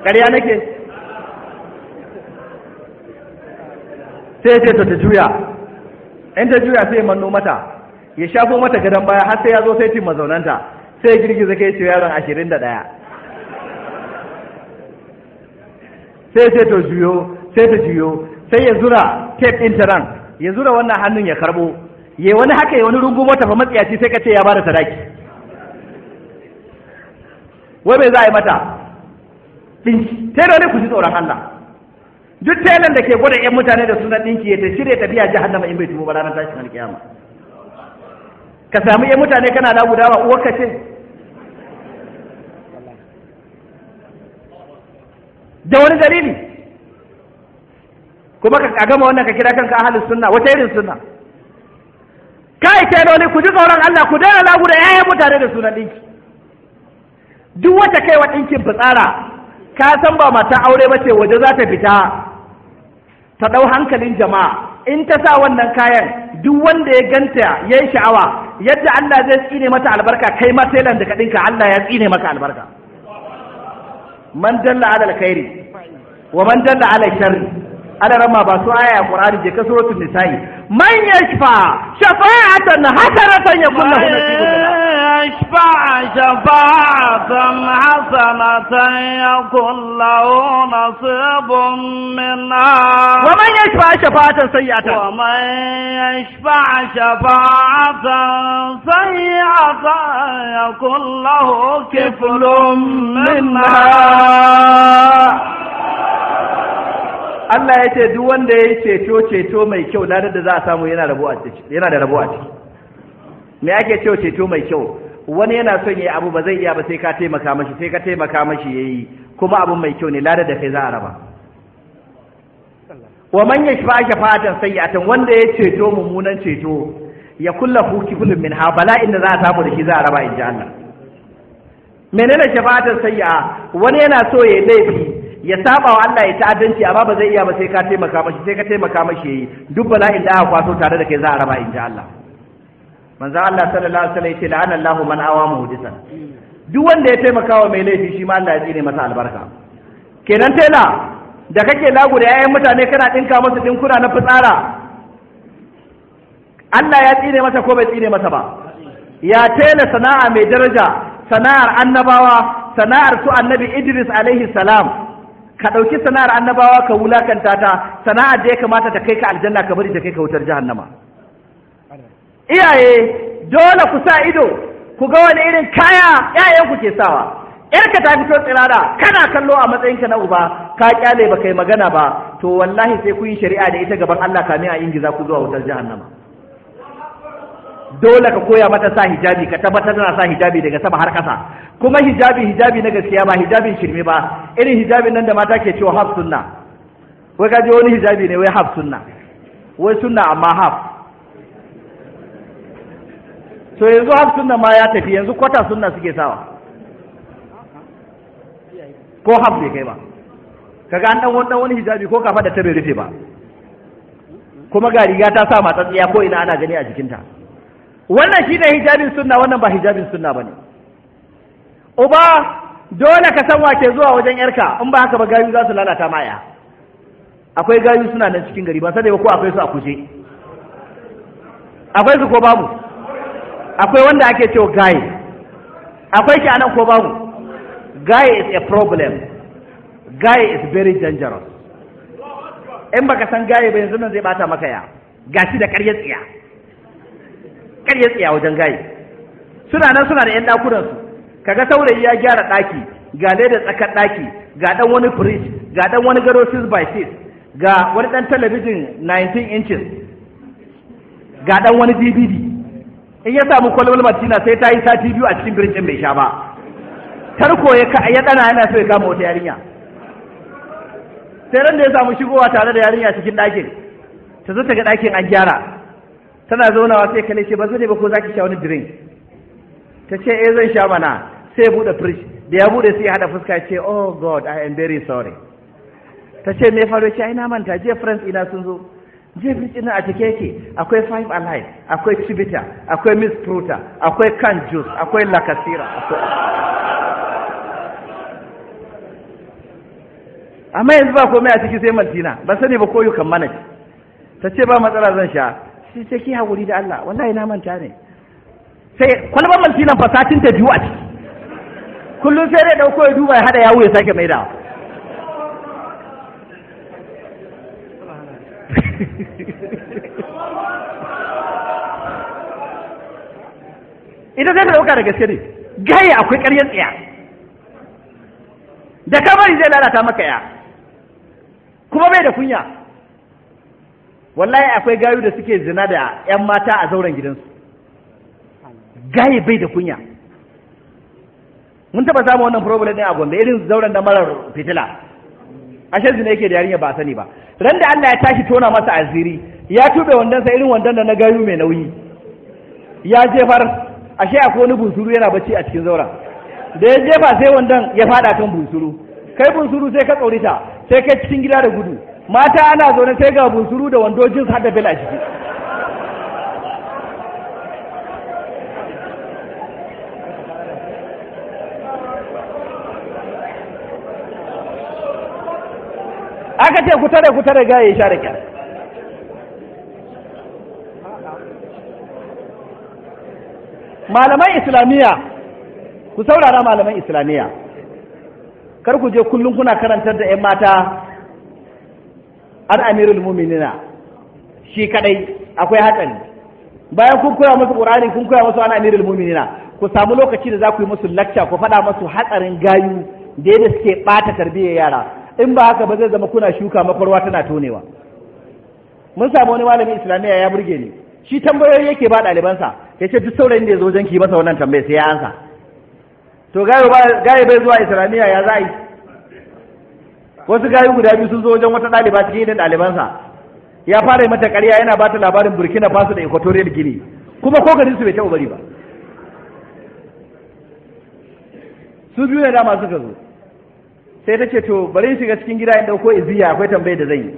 Speaker 3: ƙarya nake sai ce ta juya in ta juya sai manno mata ya shafo mata gadon baya har sai ya zo sai mazaunanta sai girgiza kai ce yaron ashirin da ɗaya sai ce ta juyo sai ta juyo sai ya zura tep ɗin ya zura wannan hannun ya karɓo ya wani haka ya wani rungu mota fa matsiyaci sai ka ce ya bada sadaki wai bai za a yi mata ɗinki tailori ku ji tsoron Allah duk tailan da ke gwada 'yan mutane da sunan ɗinki ya ta shirya tafiya jahannama in bai tubu ba ranar tashin alkiyama ka samu 'yan mutane kana da gudawa ka ce da wani dalili kuma ka gama wannan ka kira kanka ahalus sunna wata irin sunna kai tailoli ku ji tsoron Allah ku daina lagu da ƴaƴan mutane da sunan ɗinki duk wata kaiwa ɗinkin fitsara ka san ba mata aure ba ce waje za ta fita ta ɗau hankalin jama'a in ta sa wannan kayan duk wanda ya ganta ya yi sha'awa yadda Allah zai tsine mata albarka kai ma sai da kaɗinka Allah ya tsine maka albarka man dalla ala alkhairi wa man dalla ala sharri alarama ba su aya qur'ani je ka suratul nisa'i man
Speaker 2: yashfa shafa'atan hasanatan yakun lahu yashfa shafa'atan hasanatan yakun lahu nasibun minna wa man yashfa shafa'atan sayyi'atan wa man yashfa shafa'atan sayyi'atan yakun lahu kiflun minna
Speaker 3: Allah ya ce duk wanda ya yi ceto ceto mai kyau ladar da za a samu yana da rabo a ciki me ake cewa ceto mai kyau wani yana son yayi abu ba zai iya ba sai ka taimaka mashi sai ka taimaka mashi yayi kuma abun mai kyau ne ladar da kai za a raba wa man yashfa fatan sayyatan wanda ya ceto mummunan ceto ya huki kiflun min ha bala'in da za a samu da shi za a raba inji Allah menene shafa'atan sayya wani yana so yayi laifi ya saba wa Allah ya ta'addanci amma ba zai iya ba sai ka taimaka mashi sai ka taimaka mashi yayi duk bala'in da aka kwato tare da kai za a raba in ji Allah manzo Allah sallallahu alaihi wasallam ya ce la'ana Allahu man awa muhdisan duk wanda ya taimaka wa mai laifi shi ma Allah ya tsine masa albarka kenan tela da kake lagu da yayan mutane kana dinka masa dinkuna na fitsara Allah ya tsine masa ko bai tsine masa ba ya tela sana'a mai daraja sana'ar annabawa sana'ar su annabi Idris alaihi salam ka ɗauki sana'ar annabawa ka wulakanta ta sana'ar da ya kamata ta kai ka aljanna ka bari ta kai ka wutar jahannama iyaye dole ku sa ido ku ga wani irin kaya yayan ku ke sawa yarka ta fito tsirara kana kallo a matsayinka na uba ka kyale ba kai magana ba to wallahi sai ku yi shari'a da ita gaban Allah kamin a ingiza ku zuwa wutar jahannama dole ka koya mata sa hijabi ka tabbatar tana sa hijabi daga sama har ƙasa kuma hijabi hijabi na gaskiya ba hijabin shirme ba irin hijabin nan da mata ke cewa haf sunna wai kaje wani hijabi ne wai haf sunna wai sunna amma haf to yanzu haf sunna ma ya tafi yanzu kwata sunna suke sawa ko haf bai kai ba kaga an dan wani wani hijabi ko kafa da ta bai rufe ba kuma ga riga ta sa matsatsiya ko ina ana gani a jikinta wannan shine hijabin sunna wannan ba hijabin sunna bane uba dole ka san wake zuwa wajen yarka in ba haka ba gayu za su lalata maya akwai gayu suna nan cikin gari ba sai ko akwai su a kuje akwai su ko babu akwai wanda ake cewa gayi akwai ki anan ko babu gayi is a problem gayi is very dangerous in baka san gayi ba yanzu nan zai bata maka ya gashi da ƙarya tsiya ƙarya tsiya wajen gayi suna nan suna da 'yan su kaga saurayi ya gyara daki ga da tsakar daki ga ɗan wani fridge ga ɗan wani gado 6 by 6 ga wani ɗan talabijin 19 inches ga ɗan wani dvd in ya samu kwalwal martina sai ta yi sati biyu a cikin birnin bai sha ba tarko ya ya dana yana so ya kama wata yarinya sai ran da ya samu shigowa tare da yarinya cikin ɗakin ta zo ta ga dakin an gyara tana zaunawa sai kale ce ba zo ne ba ko zaki sha wani drink ta ce eh zan sha mana sai bude fridge da ya bude sai ya hada fuska ya ce oh god i am very sorry ta ce me faru ce ai na manta je friends ina sun zo je fridge ina a cike yake akwai five alive akwai chibita akwai miss pruta akwai can juice akwai lakasira amma yanzu ba komai a ciki sai maltina ba sani ba ko yukan manage ta ce ba matsala zan sha sai ce ki haƙuri da Allah wallahi na manta ne sai kwalaban maltinan fasatin ta biyu a ciki kullum sai dai ɗauko ya duba ya hada yawo ya sake maida ita zai ta ɗauka da gaske ne gaya akwai ƙaryar tsaya da bari zai lalata maka ya kuma bai da kunya wallahi akwai gayu da suke zina da 'yan mata a zauren gidansu gaye bai da kunya mun taba samu wannan problem din a Gombe irin zauren da marar fitila ashe zina yake da yarinya ba sani ba ran da Allah ya tashi tona masa asiri ya tube wandan sa irin wandan da na gayu mai nauyi ya jefar ashe akwai wani bunsuru yana bacci a cikin zauren da ya jefa sai wandan ya fada kan bunsuru kai bunsuru sai ka tsorita sai kai cikin gida da gudu mata ana zaune sai ga bunsuru da wandojin su har da bela a ciki aka ce ku tare ku tare gaya ya sha da kyar malaman islamiyya ku saurara malaman islamiyya kar ku je kullum kuna karantar da 'yan mata an amirul muminina shi kadai akwai hatsari bayan kun koya musu ƙur'ani kun koya musu an amirul muminina ku samu lokaci da za ku yi musu lacca ku faɗa musu hatsarin gayu da yadda suke ɓata tarbiyyar yara in ba haka ba zai zama kuna shuka makwarwa tana tonewa mun samu wani malamin islamiyya ya burge ni shi tambayoyi yake ba ɗalibansa ya ce duk saurayin da ya zo wajen ki masa wannan tambayar sai ya ansa to gaye bai zuwa islamiyya ya za yi wasu gayu guda biyu sun zo wajen wata ɗaliba cikin idan ɗalibansa ya fara yi mata ƙarya yana bata ta labarin burkina faso da equatorial guinea kuma ko gani su bai taɓa bari ba su biyu ne dama suka zo sai ta ce to bari shiga cikin gida in dauko iziya akwai tambaye da zai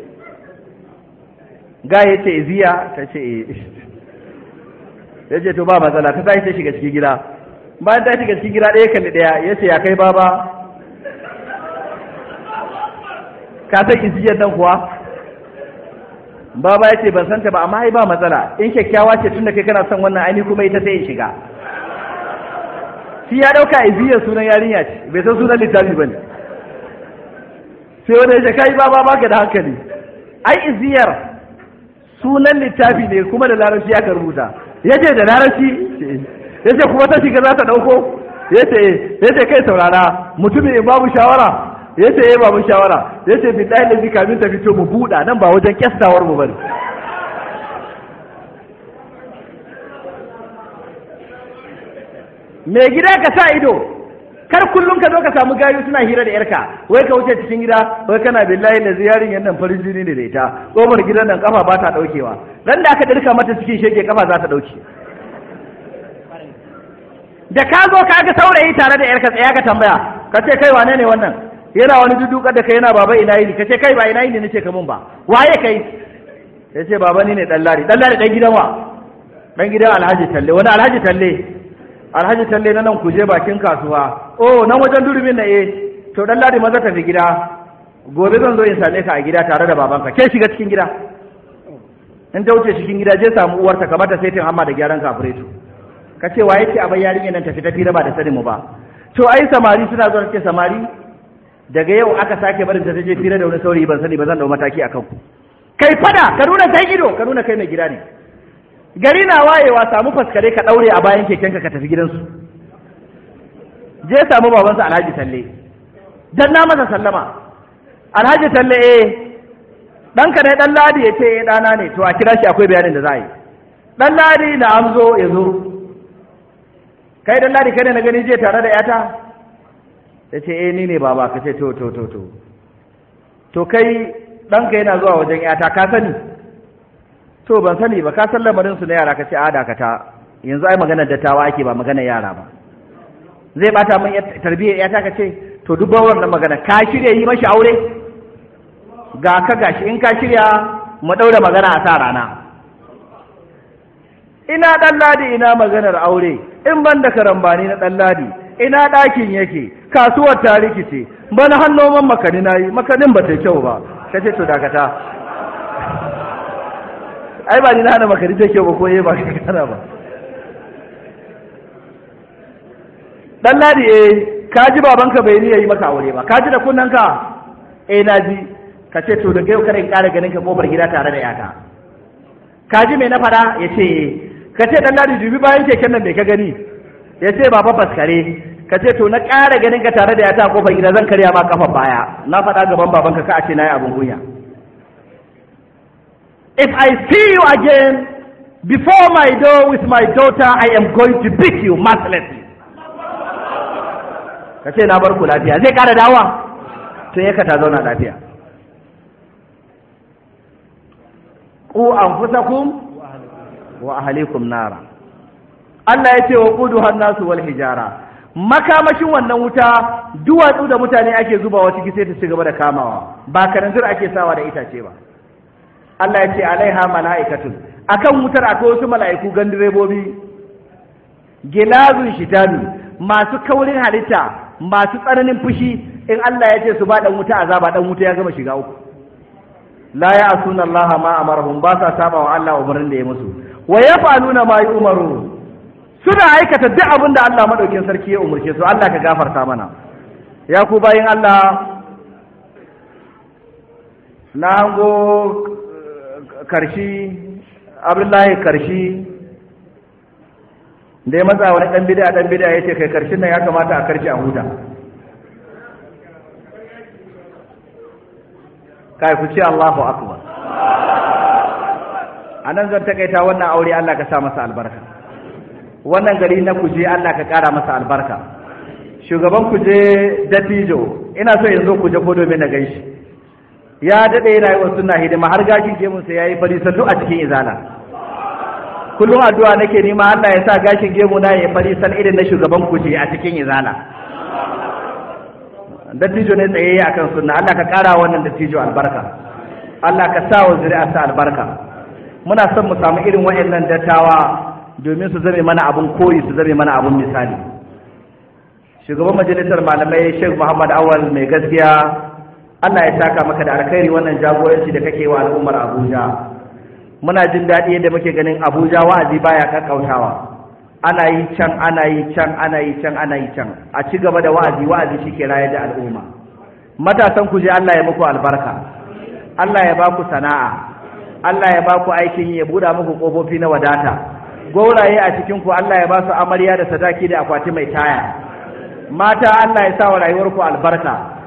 Speaker 3: ga ya ce iziya ta ce eh. ya ce to ba matsala ta tashi ta shiga cikin gida bayan ta shiga cikin gida ɗaya kan ɗaya ya ce ya kai baba ka san iziyar nan kuwa baba ya ce ban san ta ba amma ai ba matsala in kyakkyawa ce tun da kai kana son wannan aini kuma ita sai in shiga shi ya dauka iziyar sunan yarinya ce bai san sunan littafi ba ne. sai wani ya kai ba ba baka da hankali ai iziyar sunan littafi ne kuma da larashi aka rubuta yace da ya yace kuma ta shiga za ta dauko yace eh. yace kai saurara mutumin babu shawara yace eh babu shawara yace bi dai lazi kamin ta fito mu buda nan ba wajen kyastawar mu bane mai gida ka sa ido kar kullum ka zo ka samu gayu suna hira da yarka wai ka wuce cikin gida wai kana billahi da ziyarin yannan farin jini ne da ita kofar gidan nan kafa ba ta daukewa dan da aka dirka mata cikin shege kafa za ta dauke da ka zo ka ga saurayi tare da yarka tsaya ka tambaya ka ce kai wane ne wannan yana wani dudukar da kai yana baba ina yi ka ce kai ba ina yini ce ka mun ba waye kai ya ce baba ni ne dan lari dan lari dan gidan wa dan gidan alhaji talle wani alhaji talle alhaji talle na nan ku je bakin kasuwa oh nan wajen durumin na eh to dan ladi maza tafi gida gobe zan zo in same ka a gida tare da babanka ke shiga cikin gida in ta wuce cikin gida je samu uwarta ka sai saitin amma da gyaran kafuretu ka ce wa yake a yarinya nan tafi tafi ba da sanin mu ba to ai samari suna zuwa ce samari daga yau aka sake barin ta je fira da wani saurayi ban sani ba zan dau mataki akan ku kai fada ka nuna kai ido ka nuna kai mai gida ne gari na wayewa samu faskare ka ɗaure a bayan kekenka ka tafi gidansu je samu babansa alhaji talle dan na masa sallama alhaji talle eh ɗanka ne dan ladi ya ce eh ɗana ne to a kira shi akwai bayanin da za a yi Dan ladi na amzo ya zo kai dan ladi kai ne na gani je tare da yata ya ce eh ni ne baba ka to to to to to kai ɗanka yana zuwa wajen yata ka sani to ban sani ba ka san lamarin su na yara ka ce a dakata yanzu ai maganar dattawa ake ba maganar yara ba zai bata min tarbiyyar yata ka ce to duk bawar na magana ka shirya yi mashi aure ga ka gashi in ka shirya mu daura magana a sa rana ina dan ladi ina maganar aure in ban da karambani na dan ladi ina ɗakin yake kasuwar ta ce. bana hannoman noman makani nayi makanin ba ta kyau ba kace to dakata ai ba ni na hana makari take ba ko yayi ba kana ba dan ladi eh ka ji babanka bai ni yayi maka aure ba ka ji da kunnanka eh na ji ka ce to da yau kada in ƙara ganin ka kofar gida tare da yaka ka ji me na fada ya ce eh. ka ce dan ladi dubi bayan keken nan bai ka gani ya ce baba faskare ka ce to na ƙara ganin ka tare da yata kofar gida zan karya ma kafa baya na faɗa gaban babanka ka a ce na yi abin kunya If I see you again before my door with my daughter, I am going to beat you mercilessly. Ka ce na bar ku lafiya, zai ƙara dawa? To yaka ta zauna lafiya. Ku an fusakum wa ahalikum nara. Allah ya ce wa kudu hannasu wal hijara. Makamashin wannan wuta duwatsu da mutane ake zubawa ciki sai ta ci gaba da kamawa, ba karanzir ake sawa da itace ba. Allah ya ce alaiha mala'ikatun akan wutar akwai wasu mala'iku gandirebobi gilazun shitani masu kaurin halitta masu tsananin fushi in Allah ya ce su ba dan wuta azaba dan wuta ya gama shiga uku la ya'suna Allah ma amarhum ba sa saba wa Allah umarnin da ya musu wa yaf'aluna ma yu'maru suna aikata duk abin da Allah madaukin sarki ya umurce su Allah ka gafarta mana ya ku bayin Allah na karshi abdullahi karshi da ya matsa wani ɗan bida ɗan bida ya ce kai karshi nan ya kamata a karshe a huta kai ku ce Allahu akbar a nan zan takaita wannan aure Allah ka sa masa albarka wannan gari na kuje Allah ka ƙara masa albarka shugaban kuje dattijo ina so yanzu kuje ko domin na gaishe ya daɗe wa suna hidima har gashin gemun sa yayi fari sallu a cikin izala kullum addu'a nake nema Allah ya sa gashin gemu na ya fari san irin na shugaban kuje a cikin izala dattijo ne a kan sunna Allah ka ƙara wannan dattijo albarka Allah ka sa wa zuri'arsa albarka muna son mu samu irin wa'annan dattawa domin su zame mana abun koyi su zame mana abun misali shugaban majalisar malamai Sheikh Muhammad Awal mai gaskiya Allah ya saka maka da alkhairi wannan jagoranci da kake wa al'ummar Abuja muna jin daɗi yadda muke ganin Abuja wa'azi baya kakkautawa ana yi can ana yi can ana yi can ana yi can a ci gaba da wa'azi wa'azi shi ke raye da al'umma matasan ku je Allah ya muku albarka Allah ya baku sana'a Allah ya baku aikin yi ya buɗa muku ƙofofi na wadata gauraye a cikin ku Allah ya ba su amarya da sadaki da akwati mai taya mata Allah ya sa wa rayuwarku albarka